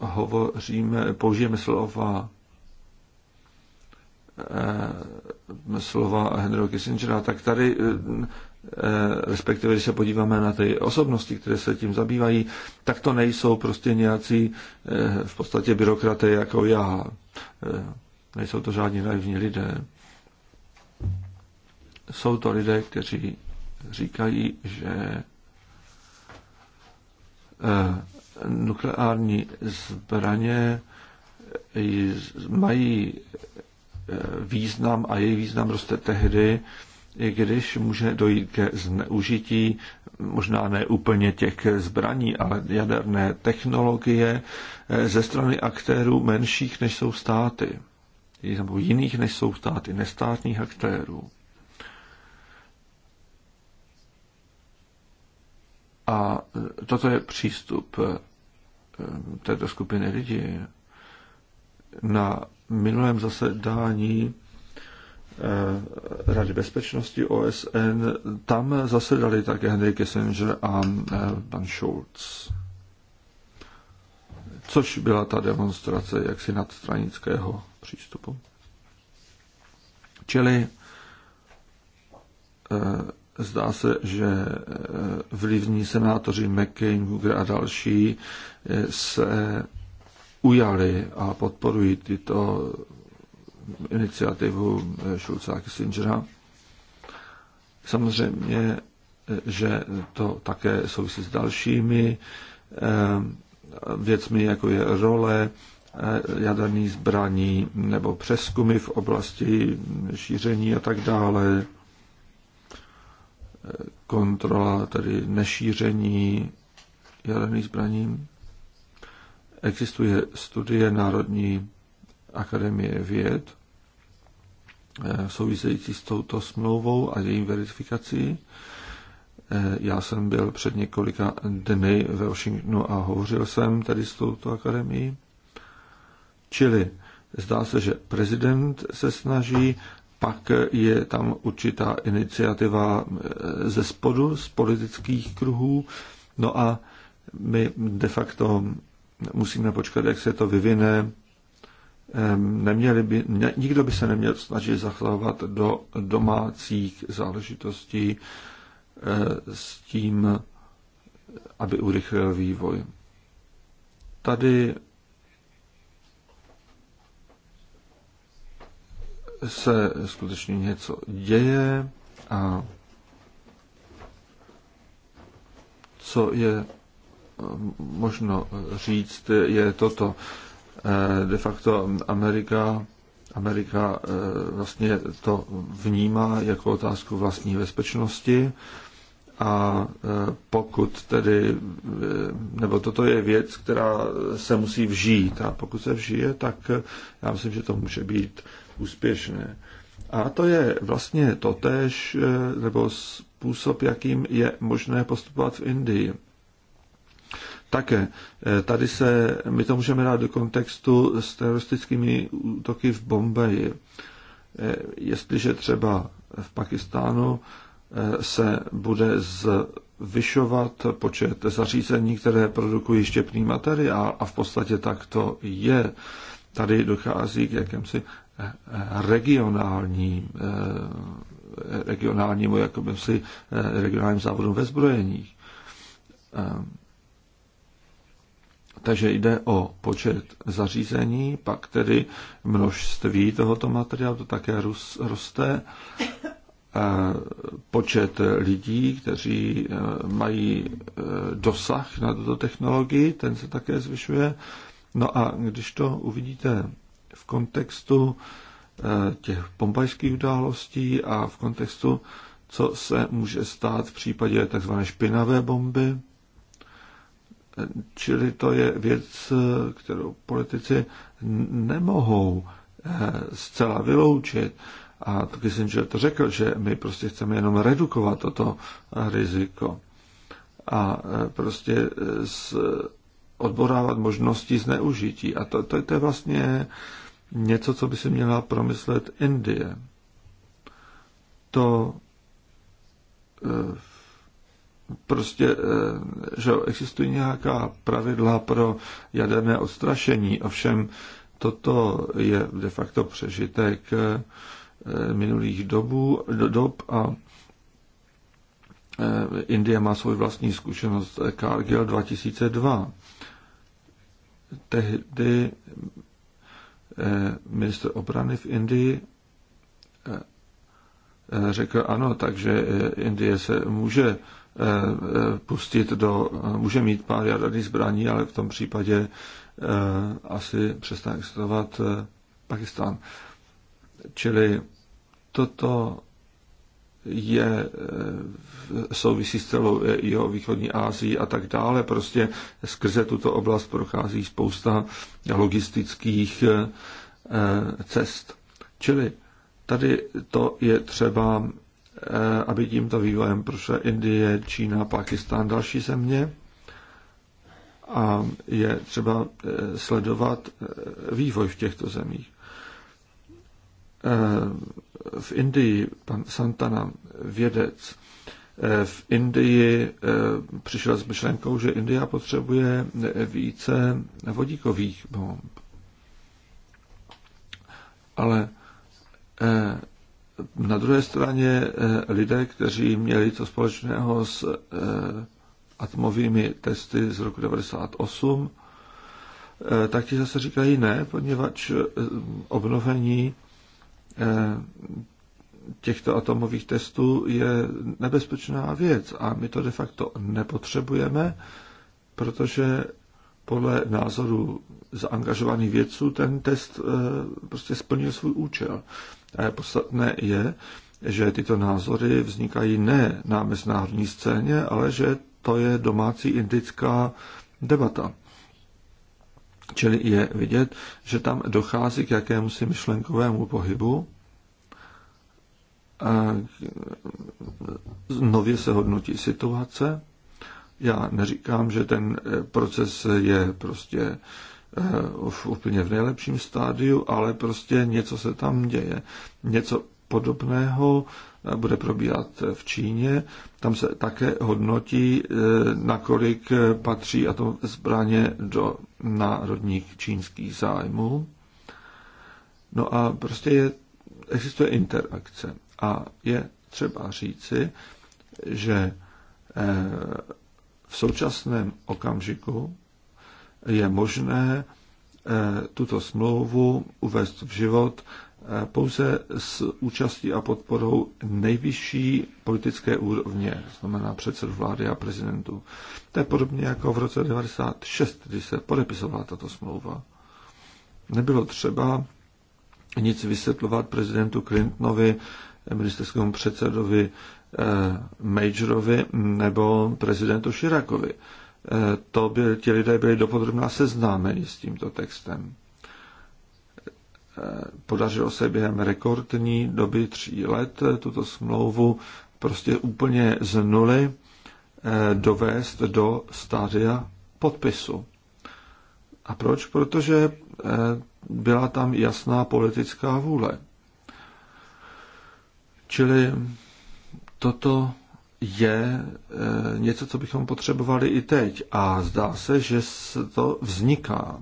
hovoříme, použijeme slova slova Henryho Kissingera, tak tady respektive když se podíváme na ty osobnosti, které se tím zabývají, tak to nejsou prostě nějací v podstatě byrokraty jako já. Nejsou to žádní naivní lidé. Jsou to lidé, kteří říkají, že eh, nukleární zbraně mají eh, význam a její význam roste tehdy, i když může dojít ke zneužití možná ne úplně těch zbraní, ale jaderné technologie eh, ze strany aktérů menších než jsou státy nebo jiných, než jsou státy nestátních aktérů. A e, toto je přístup e, této skupiny lidí. Na minulém zasedání e, Rady bezpečnosti OSN, tam zasedali také Henry Kissinger a pan Schulz. Což byla ta demonstrace jaksi nadstranického přístupu. Čili e, zdá se, že e, vlivní senátoři McCain, Hoover a další e, se ujali a podporují tyto iniciativu Schulza a Kissingera. Samozřejmě, že to také souvisí s dalšími věcmi, jako je role Eh, jaderných zbraní nebo přeskumy v oblasti šíření a tak dále, eh, kontrola tedy nešíření jaderných zbraní. Existuje studie Národní akademie věd eh, související s touto smlouvou a její verifikací. Já jsem byl před několika dny ve Washingtonu a hovořil jsem tady s touto akademií. Čili zdá se, že prezident se snaží, pak je tam určitá iniciativa eh, ze spodu, z politických kruhů, no a my de facto musíme počkat, jak se to vyvine. Ehm, neměli by, ne, nikdo by se neměl snažit zachovat do domácích záležitostí eh, s tím, eh, aby urychlil vývoj. Tady se skutečně něco děje a co je eh, možno říct, je toto. Eh, de facto Amerika, Amerika eh, vlastně to vnímá jako otázku vlastní bezpečnosti a pokud tedy, nebo toto je věc, která se musí vžít a pokud se vžije, tak já myslím, že to může být úspěšné. A to je vlastně totéž, eh, nebo způsob, jakým je možné postupovat v Indii. Také eh, tady se, my to můžeme dát do kontextu s teroristickými útoky v Bombeji. Eh, jestliže třeba v Pakistánu se bude zvyšovat počet zařízení, které produkují štěpný materiál a v podstatě tak to je, tady dochází k jakémsi regionální, eh, regionálnímu jakoby si eh, regionálním závodům ve zbrojeních. Eh, takže jde o počet zařízení, pak tedy množství tohoto materiálu, to také roste, počet lidí, kteří mají dosah na tuto technologii, ten se také zvyšuje. No a když to uvidíte kontextu eh, těch pompajských událostí a v kontextu, co se může stát v případě tzv. špinavé bomby. Eh, čili to je věc, eh, kterou politici nemohou zcela vyloučit. A jsem Kissinger to řekl, že my prostě chceme jenom redukovat toto riziko a prostě odborávat možnosti zneužití. A to, to, to je vlastně něco, co by si měla promyslet Indie. To eh, prostě, eh, že existují nějaká pravidla pro jaderné odstrašení, ovšem toto je de facto přežitek eh, minulých dobů, dob a Indie má svůj vlastní zkušenost Kargil 2002. Tehdy Eh, ministr obrany v Indii eh, eh, řekl ano, takže Indie se může pustit do, může mít pár jaderných zbraní, ale v tom případě asi přestane existovat Pakistán. Čili toto je eh, souvisí s celou eh, jeho východní Ázií a tak dále. Prostě skrze tuto oblast prochází spousta logistických eh, cest. Čili tady to je třeba, aby tímto vývojem prošla Indie, Čína, Pakistán, další země. A je třeba sledovat vývoj v těchto zemích. Eh, v Indii pan Santana, vědec, eh, v Indii eh, přišel s myšlenkou, že India potřebuje více vodíkových bomb. Ale na druhé straně lidé, kteří měli co společného s atmovými testy z roku 1998, tak ti zase říkají ne, poněvadž obnovení Eh, těchto atomových testů je nebezpečná věc a my to de facto nepotřebujeme, protože podle názoru zaangažovaných vědců ten test eh, prostě splnil svůj účel. A podstatné je, že tyto názory vznikají ne na mezinárodní scéně, ale že to je domácí indická debata. Čili je vidět, že tam dochází k jakémusi myšlenkovému pohybu. Nově se hodnotí situace. Já neříkám, že ten eh, proces je prostě eh, v úplně v nejlepším stádiu, ale prostě něco se tam děje. Něco podobného eh, bude probíhat v Číně. Tam se také hodnotí, nakolik patří a to zbraně do národních čínských zájmů. No a prostě je, existuje interakce a je třeba říci, že eh, v současném okamžiku je možné eh, tuto smlouvu uvést v život pouze s účastí a podporou nejvyšší politické úrovně, znamená předsedu vlády a prezidentu. To je podobně jako v roce 1996, kdy se podepisovala tato smlouva. Nebylo třeba nic vysvětlovat prezidentu Clintonovi, ministerskému předsedovi eh, Majorovi nebo prezidentu Širakovi. Eh, to by, ti lidé byli dopodrobná seznámeni s tímto textem. Podařilo se během rekordní doby tří let tuto smlouvu prostě úplně z nuly eh, dovést do stádia podpisu. A proč? Protože eh, byla tam jasná politická vůle. Čili toto je eh, něco, co bychom potřebovali i teď. A zdá se, že to vzniká.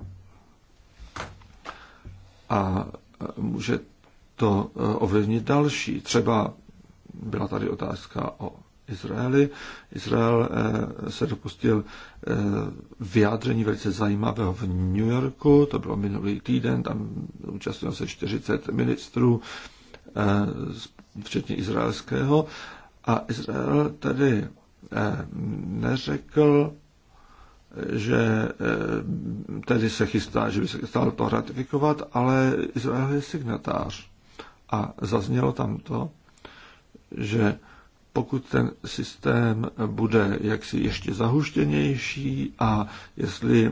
A může to e, ovlivnit další. Třeba byla tady otázka o Izraeli. Izrael e, se dopustil e, vyjádření velice zajímavého v New Yorku, to bylo minulý týden, tam účastnilo se 40 ministrů, včetně izraelského. A Izrael tedy neřekl, že eh, tedy se chystá, že by se stalo to ratifikovat, ale Izrael je signatář. A zaznělo tam to, že pokud ten systém bude jaksi ještě zahuštěnější a jestli eh,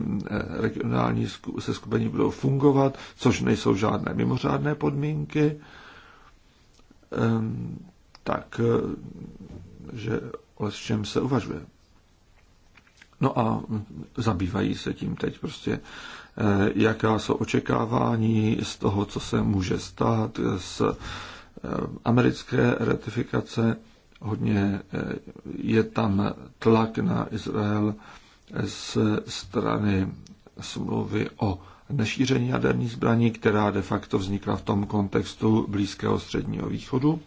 regionální seskupení budou fungovat, což nejsou žádné mimořádné podmínky, eh, tak že o čem se uvažuje. No a zabývají se tím teď prostě, eh, jaká jsou očekávání z toho, co se může stát, z eh, americké ratifikace. Hodně eh, je tam tlak na Izrael z strany smlouvy o nešíření jaderných zbraní, která de facto vznikla v tom kontextu Blízkého středního východu.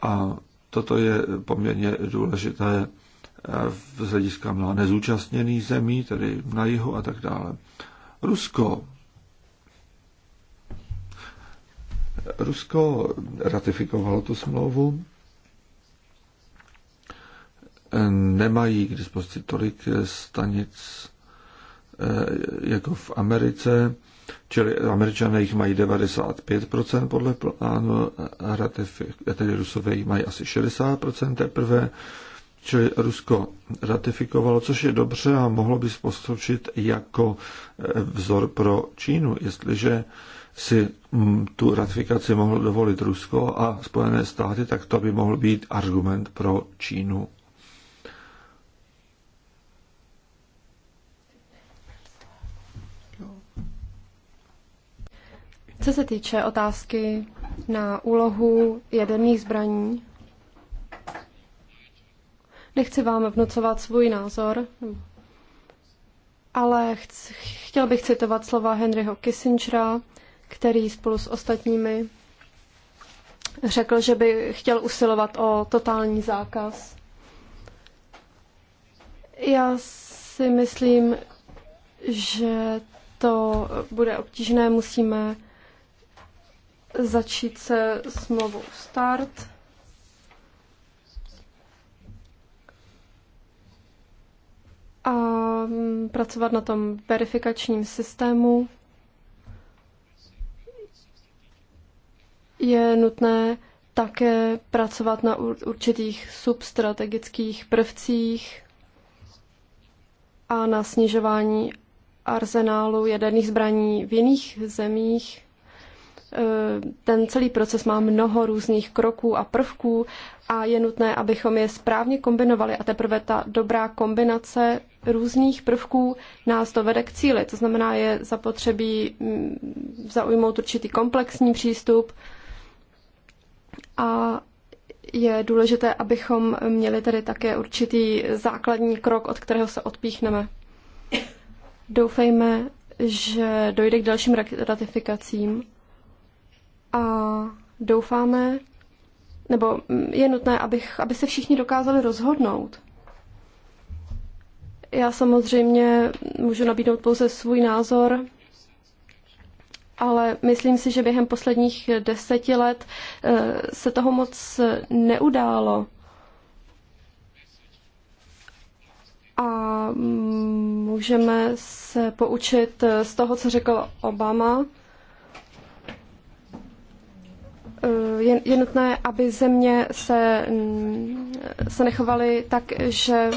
A Toto je poměrně důležité v eh, hlediska mnoha nezúčastněných zemí, tedy na jihu a tak dále. Rusko. Rusko ratifikovalo tu smlouvu. Nemají k dispozici tolik stanic eh, jako v Americe. Čili američané jich mají 95% podle plánu, tedy rusové jich mají asi 60% teprve, čili Rusko ratifikovalo, což je dobře a mohlo by spostočit jako e, vzor pro Čínu, jestliže si mm, tu ratifikaci mohl dovolit Rusko a Spojené státy, tak to by mohl být argument pro Čínu. Co se týče otázky na úlohu jaderných zbraní, nechci vám vnucovat svůj názor, ale chc- chtěl bych citovat slova Henryho Kissingera, který spolu s ostatními řekl, že by chtěl usilovat o totální zákaz. Já si myslím, že to bude obtížné, musíme začít se znovu Start. A mm, pracovat na tom verifikačním systému. Je nutné také pracovat na určitých substrategických prvcích a na snižování arzenálu jaderných zbraní v jiných zemích. Eh, ten celý proces má mnoho různých kroků a prvků a je nutné, abychom je správně kombinovali a teprve ta dobrá kombinace různých prvků nás dovede k cíli. To znamená, je zapotřebí mm, zaujmout určitý komplexní přístup a je důležité, abychom měli tedy také určitý základní krok, od kterého se odpíchneme. Doufejme, že dojde k dalším ratifikacím a doufáme, nebo je nutné, abych, aby se všichni dokázali rozhodnout. Já samozřejmě můžu nabídnout pouze svůj názor, ale myslím si, že během posledních deseti let eh, se toho moc neudálo. A můžeme se poučit z toho, co řekl Obama, Eh, je, je nutné, aby země se, mm, se nechovaly tak, že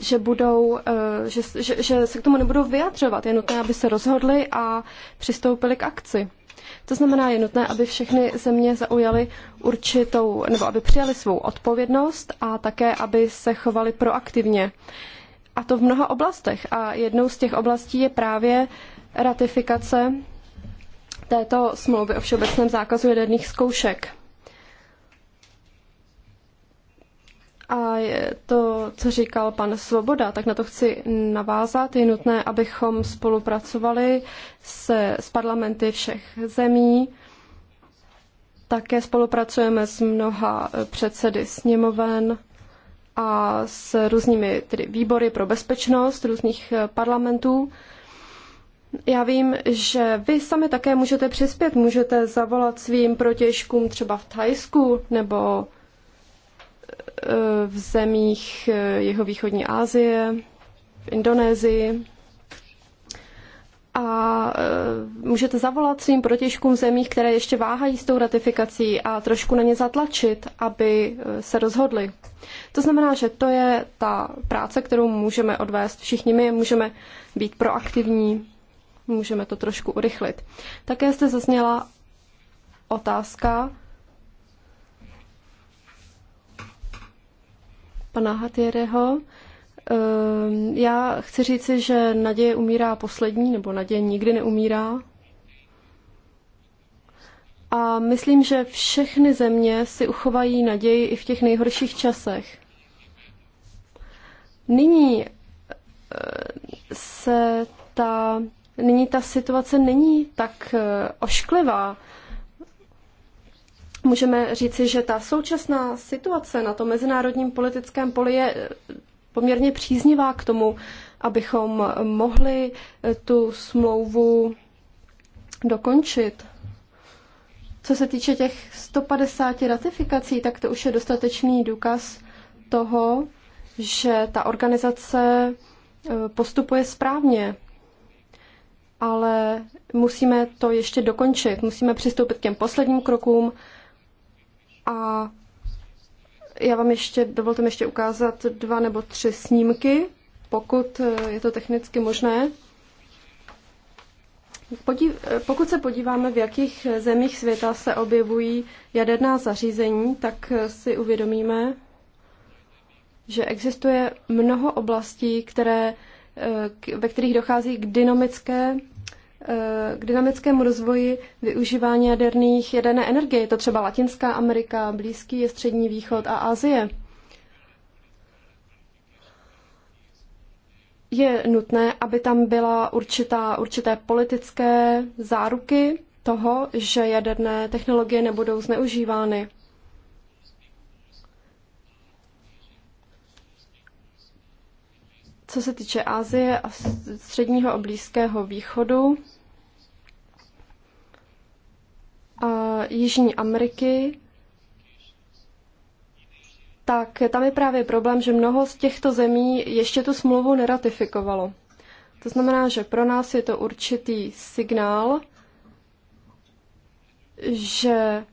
že, budou, eh, že, že, že se k tomu nebudou vyjadřovat. Je nutné, aby se rozhodli a přistoupili k akci. To znamená, je nutné, aby všechny země zaujaly určitou, nebo aby přijali svou odpovědnost a také, aby se chovali proaktivně. A to v mnoha oblastech. A jednou z těch oblastí je právě ratifikace této smlouvy o všeobecném zákazu jaderných zkoušek. A je to, co říkal pan Svoboda, tak na to chci navázat. Je nutné, abychom spolupracovali se, s parlamenty všech zemí. Také spolupracujeme s mnoha eh, předsedy sněmoven a s různými tedy výbory pro bezpečnost různých eh, parlamentů. Já vím, že vy sami také můžete přispět, můžete zavolat svým protěžkům třeba v Thajsku nebo eh, v zemích jeho východní Asie, v Indonésii. A eh, můžete zavolat svým protěžkům v zemích, které ještě váhají s tou ratifikací a trošku na ně zatlačit, aby eh, se rozhodli. To znamená, že to je ta práce, kterou můžeme odvést všichni my, můžeme být proaktivní můžeme to trošku urychlit. Také jste zazněla otázka pana Hatiereho. Ehm, já chci říci, že naděje umírá poslední, nebo naděje nikdy neumírá. A myslím, že všechny země si uchovají naději i v těch nejhorších časech. Nyní eh, se ta nyní ta situace není tak eh, ošklivá. Můžeme říci, že ta současná situace na tom mezinárodním politickém poli je eh, poměrně příznivá k tomu, abychom mohli eh, tu smlouvu dokončit. Co se týče těch 150 ratifikací, tak to už je dostatečný důkaz toho, že ta organizace postupuje správně ale musíme to ještě dokončit. Musíme přistoupit k těm posledním krokům a já vám ještě, dovolte mi ještě ukázat dva nebo tři snímky, pokud eh, je to technicky možné. Eh, pokud se podíváme, v jakých zemích světa se objevují jaderná zařízení, tak eh, si uvědomíme, že existuje mnoho oblastí, které, ve kterých dochází k dynamické Eh, k dynamickému rozvoji využívání jaderných jaderné energie. Je to třeba Latinská Amerika, Blízký je Střední východ a Asie. Je nutné, aby tam byla určitá, určité politické záruky toho, že jaderné technologie nebudou zneužívány. Co se týče Asie a středního a blízkého východu, Jižní Ameriky, tak tam je právě problém, že mnoho z těchto zemí ještě tu smlouvu neratifikovalo. To znamená, že pro nás je to určitý signál, že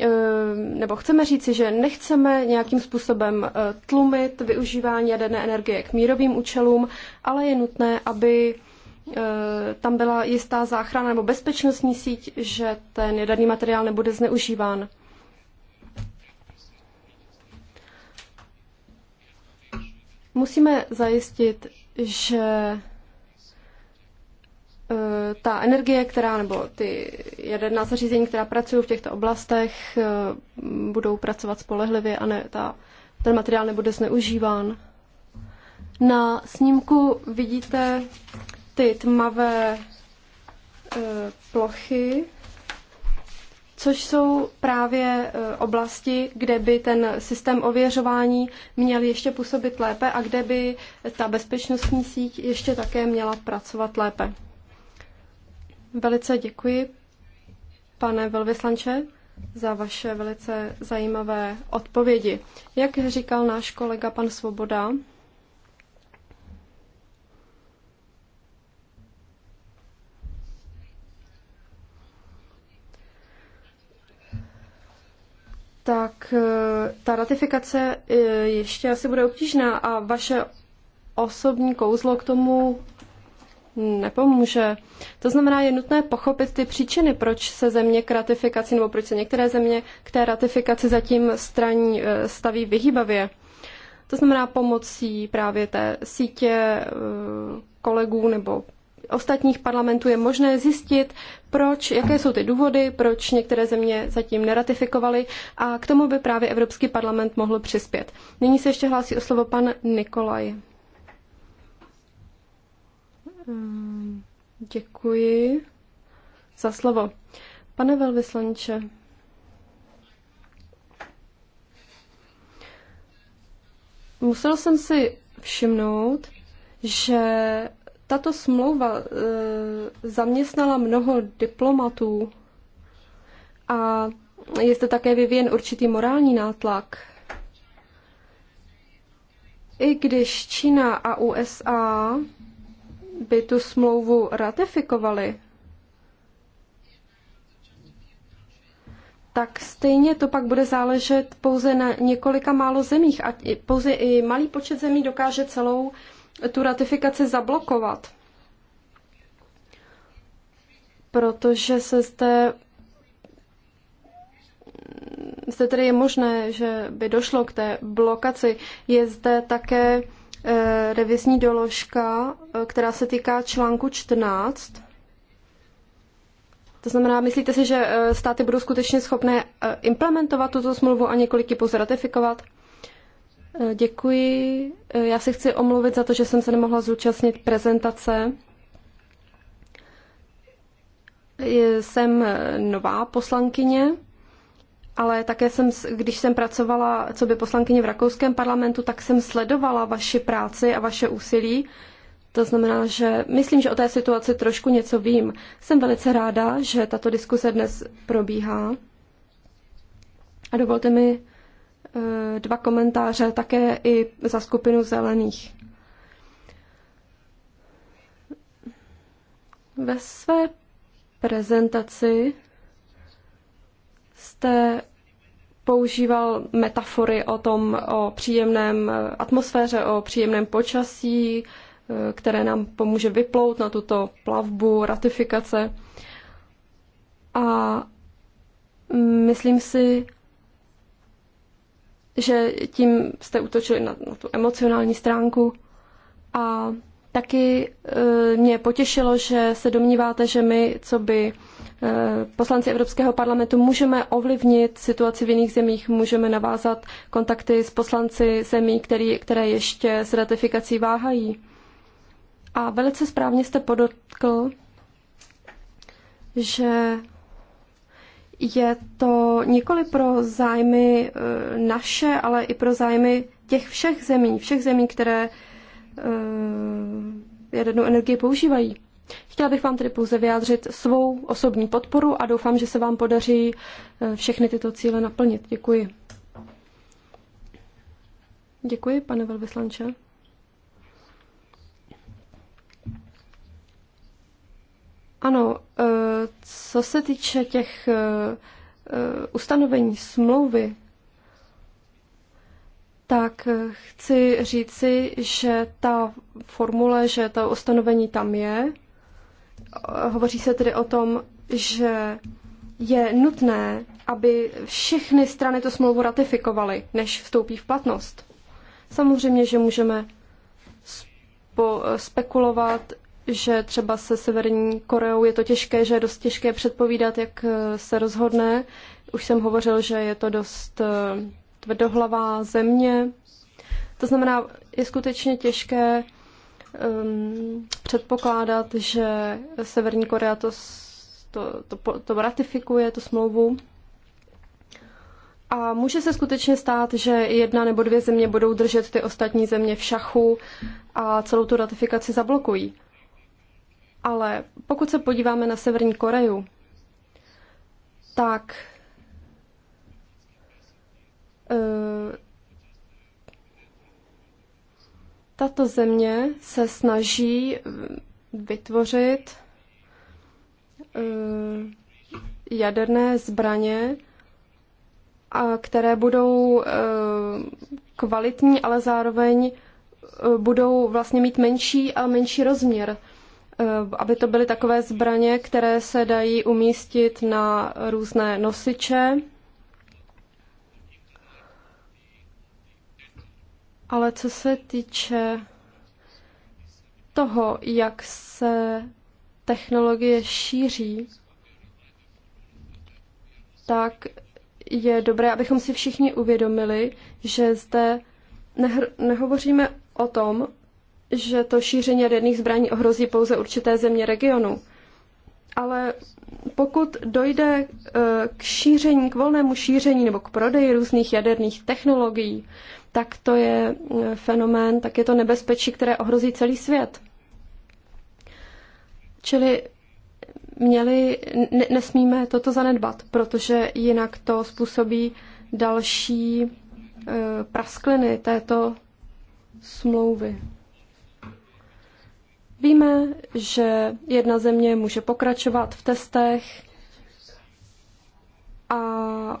eh, nebo chceme říci, že nechceme nějakým způsobem eh, tlumit využívání jaderné energie k mírovým účelům, ale je nutné, aby Eh, tam byla jistá záchrana nebo bezpečnostní síť, že ten jaderný materiál nebude zneužíván. Musíme zajistit, že eh, ta energie, která, nebo ty jaderná zařízení, která pracují v těchto oblastech, eh, budou pracovat spolehlivě a ne, ta, ten materiál nebude zneužíván. Na snímku vidíte ty tmavé eh, plochy, což jsou právě eh, oblasti, kde by ten systém ověřování měl ještě působit lépe a kde by ta bezpečnostní síť ještě také měla pracovat lépe. Velice děkuji, pane velvyslanče, za vaše velice zajímavé odpovědi. Jak říkal náš kolega pan Svoboda, tak eh, ta ratifikace eh, ještě asi bude obtížná a vaše osobní kouzlo k tomu nepomůže. To znamená, je nutné pochopit ty příčiny, proč se země k ratifikaci, nebo proč se některé země k té ratifikaci zatím straní eh, staví vyhýbavě. To znamená pomocí právě té sítě kolegů nebo ostatních parlamentů je možné zjistit, proč, jaké jsou ty důvody, proč některé země zatím neratifikovaly a k tomu by právě Evropský parlament mohl přispět. Nyní se ještě hlásí o slovo pan Nikolaj. Mm, děkuji za slovo. Pane velvyslanče, musel jsem si všimnout, že tato smlouva e, zaměstnala mnoho diplomatů a je zde také vyvíjen určitý morální nátlak. I když Čína a USA by tu smlouvu ratifikovali, tak stejně to pak bude záležet pouze na několika málo zemích. A pouze i malý počet zemí dokáže celou tu ratifikaci zablokovat, protože se zde zde tedy je možné, že by došlo k té blokaci. Je zde také eh, revizní doložka, eh, která se týká článku 14. To znamená, myslíte si, že eh, státy budou skutečně schopné implementovat tuto smlouvu a několik ji pouze ratifikovat? Eh, děkuji. Eh, já se chci omluvit za to, že jsem se nemohla zúčastnit prezentace. Jsem eh, nová poslankyně, ale také jsem, když jsem pracovala co by poslankyně v rakouském parlamentu, tak jsem sledovala vaši práci a vaše úsilí. To znamená, že myslím, že o té situaci trošku něco vím. Jsem velice ráda, že tato diskuse dnes probíhá. A dovolte mi Eh, dva komentáře také i za skupinu zelených. Ve své prezentaci jste používal metafory o tom, o příjemném atmosféře, o příjemném počasí, eh, které nám pomůže vyplout na tuto plavbu, ratifikace. A myslím si, že tím jste útočili na, na tu emocionální stránku a taky e, mě potěšilo, že se domníváte, že my, co by e, poslanci Evropského parlamentu, můžeme ovlivnit situaci v jiných zemích, můžeme navázat kontakty s poslanci zemí, který, které ještě s ratifikací váhají. A velice správně jste podotkl, že je to nikoli pro zájmy eh, naše, ale i pro zájmy těch všech zemí, všech zemí, které eh, jadernou energii používají. Chtěla bych vám tedy pouze vyjádřit svou osobní podporu a doufám, že se vám podaří eh, všechny tyto cíle naplnit. Děkuji. Děkuji, pane velvyslanče. Ano, eh, co se týče těch eh, eh, ustanovení smlouvy, tak chci říci, že ta formule, že to ustanovení tam je. Hovoří se tedy o tom, že je nutné, aby všechny strany tu smlouvu ratifikovaly, než vstoupí v platnost. Samozřejmě, že můžeme spekulovat, že třeba se Severní Koreou je to těžké, že je dost těžké předpovídat, jak eh, se rozhodne. Už jsem hovořil, že je to dost eh, tvrdohlavá země. To znamená, je skutečně těžké um, předpokládat, že Severní Korea to, to, to, to ratifikuje, tu smlouvu. A může se skutečně stát, že jedna nebo dvě země budou držet ty ostatní země v šachu a celou tu ratifikaci zablokují. Ale pokud se podíváme na Severní Koreju, tak e, tato země se snaží mm, vytvořit e, jaderné zbraně, které budou e, kvalitní, ale zároveň budou vlastně mít menší a menší rozměr. Eh, aby to byly takové zbraně, které se dají umístit na různé nosiče. Ale co se týče toho, jak se technologie šíří, tak je dobré, abychom si všichni uvědomili, že zde nehovoříme o tom, že to šíření jaderných zbraní ohrozí pouze určité země regionu. Ale pokud dojde e, k šíření, k volnému šíření nebo k prodeji různých jaderných technologií, tak to je e, fenomén, tak je to nebezpečí, které ohrozí celý svět. Čili měli, ne, nesmíme toto zanedbat, protože jinak to způsobí další e, praskliny této smlouvy. Víme, že jedna země může pokračovat v testech a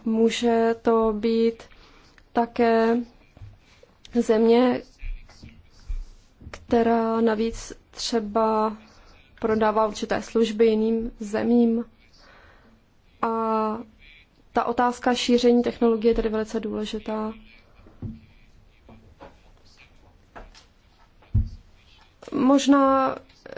může to být také země, která navíc třeba prodává určité služby jiným zemím. A ta otázka šíření technologie je tedy velice důležitá. Možná eh,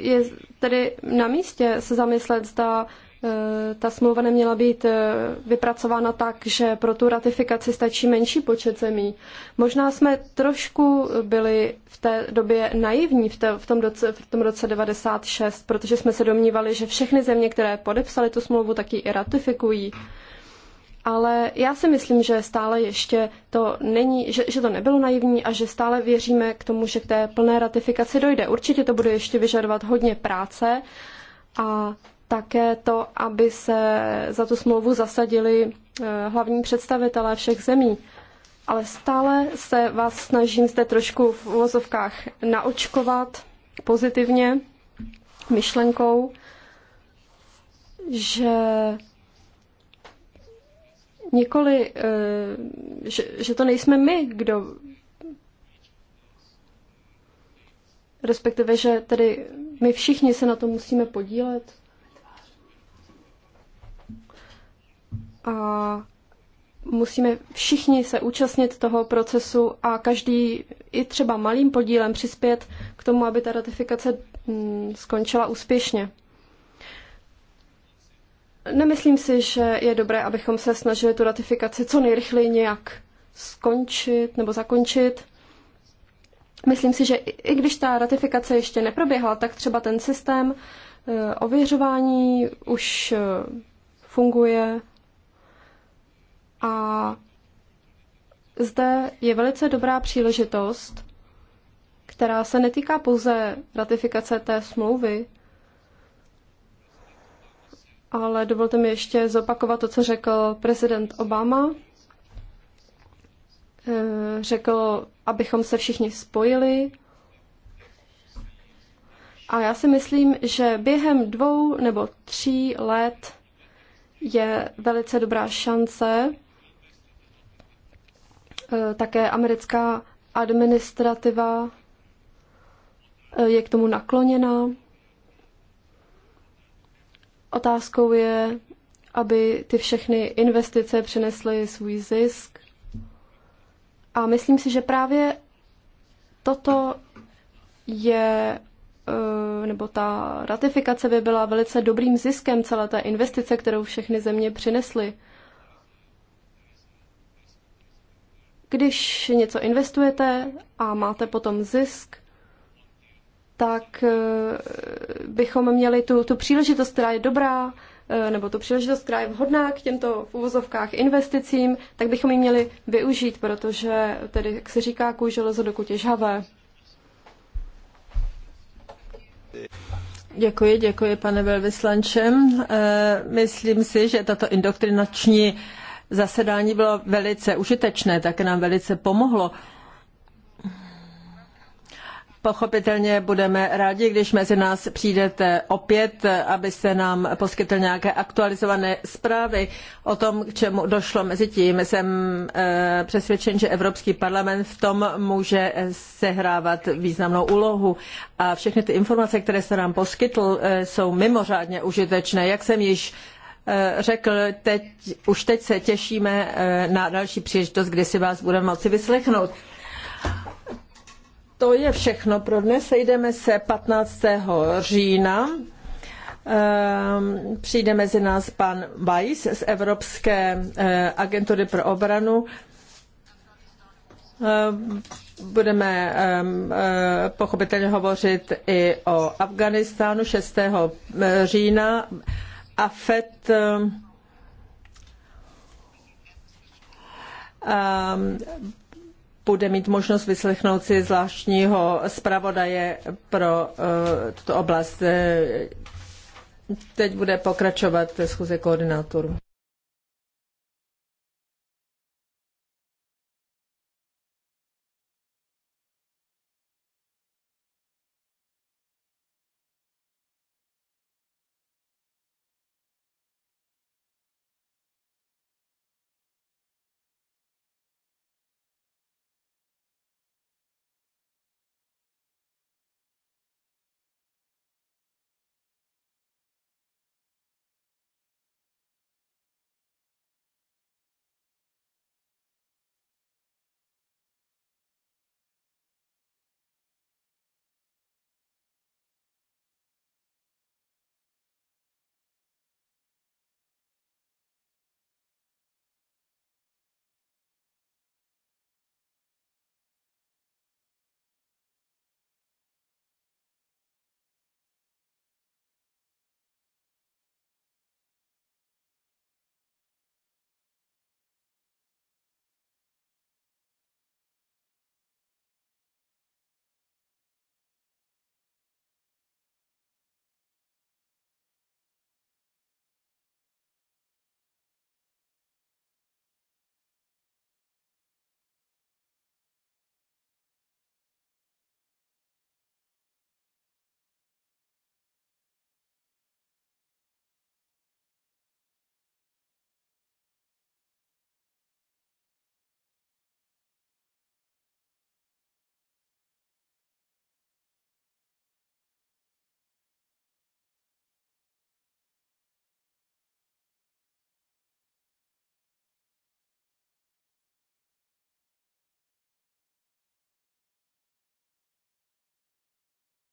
je tedy na místě se zamyslet, zda eh, ta smlouva neměla být eh, vypracována tak, že pro tu ratifikaci stačí menší počet zemí. Možná jsme trošku byli v té době naivní v, té, v, tom, roce, v tom roce 96, protože jsme se domnívali, že všechny země, které podepsaly tu smlouvu, tak ji i ratifikují ale já si myslím, že stále ještě to není, že, že to nebylo naivní a že stále věříme k tomu, že k té plné ratifikaci dojde. Určitě to bude ještě vyžadovat hodně práce a také to, aby se za tu smlouvu zasadili eh, hlavní představitelé všech zemí. Ale stále se vás snažím zde trošku v uvozovkách naočkovat pozitivně myšlenkou, že nikoli, eh, že, že to nejsme my, kdo respektive, že tedy my všichni se na to musíme podílet. A musíme všichni se účastnit toho procesu a každý i třeba malým podílem přispět k tomu, aby ta ratifikace mm, skončila úspěšně. Nemyslím si, že je dobré, abychom se snažili tu ratifikaci co nejrychleji nějak skončit nebo zakončit. Myslím si, že i když ta ratifikace ještě neproběhla, tak třeba ten systém e, ověřování už e, funguje a zde je velice dobrá příležitost, která se netýká pouze ratifikace té smlouvy, ale dovolte mi ještě zopakovat to, co řekl prezident Obama. Eh, řekl, abychom se všichni spojili. A já si myslím, že během dvou nebo tří let je velice dobrá šance. Eh, také americká administrativa eh, je k tomu nakloněná. Otázkou je, aby ty všechny investice přinesly svůj zisk. A myslím si, že právě toto je, eh, nebo ta ratifikace by byla velice dobrým ziskem celé té investice, kterou všechny země přinesly. Když něco investujete a máte potom zisk, tak eh, bychom měli tu, tu příležitost, která je dobrá, eh, nebo tu příležitost, která je vhodná k těmto v uvozovkách investicím, tak bychom ji měli využít, protože tedy, jak se říká, kůj železo dokud je žhavé. Děkuji, děkuji, pane velvyslančem. Eh, myslím si, že tato indoktrinační zasedání bylo velice užitečné, také nám velice pomohlo Pochopitelně budeme rádi, když mezi nás přijdete opět, abyste nám poskytl nějaké aktualizované zprávy o tom, k čemu došlo mezi tím. Jsem eh, přesvědčen, že Evropský parlament v tom může sehrávat významnou úlohu a všechny ty informace, které jste nám poskytl, eh, jsou mimořádně užitečné. Jak jsem již eh, řekl, teď, už teď se těšíme na další příležitost, kdy si vás budeme moci vyslechnout to je všechno pro dnes. Sejdeme se 15. října. Ehm, přijde mezi nás pan Weiss z Evropské eh, agentury pro obranu. Ehm, budeme ehm, eh, pochopitelně hovořit i o Afganistánu 6. Eh, října. A FED bude mít možnost vyslechnout si zvláštního zpravodaje pro eh, tuto oblast. Eh, teď bude pokračovat schůze koordinátorů.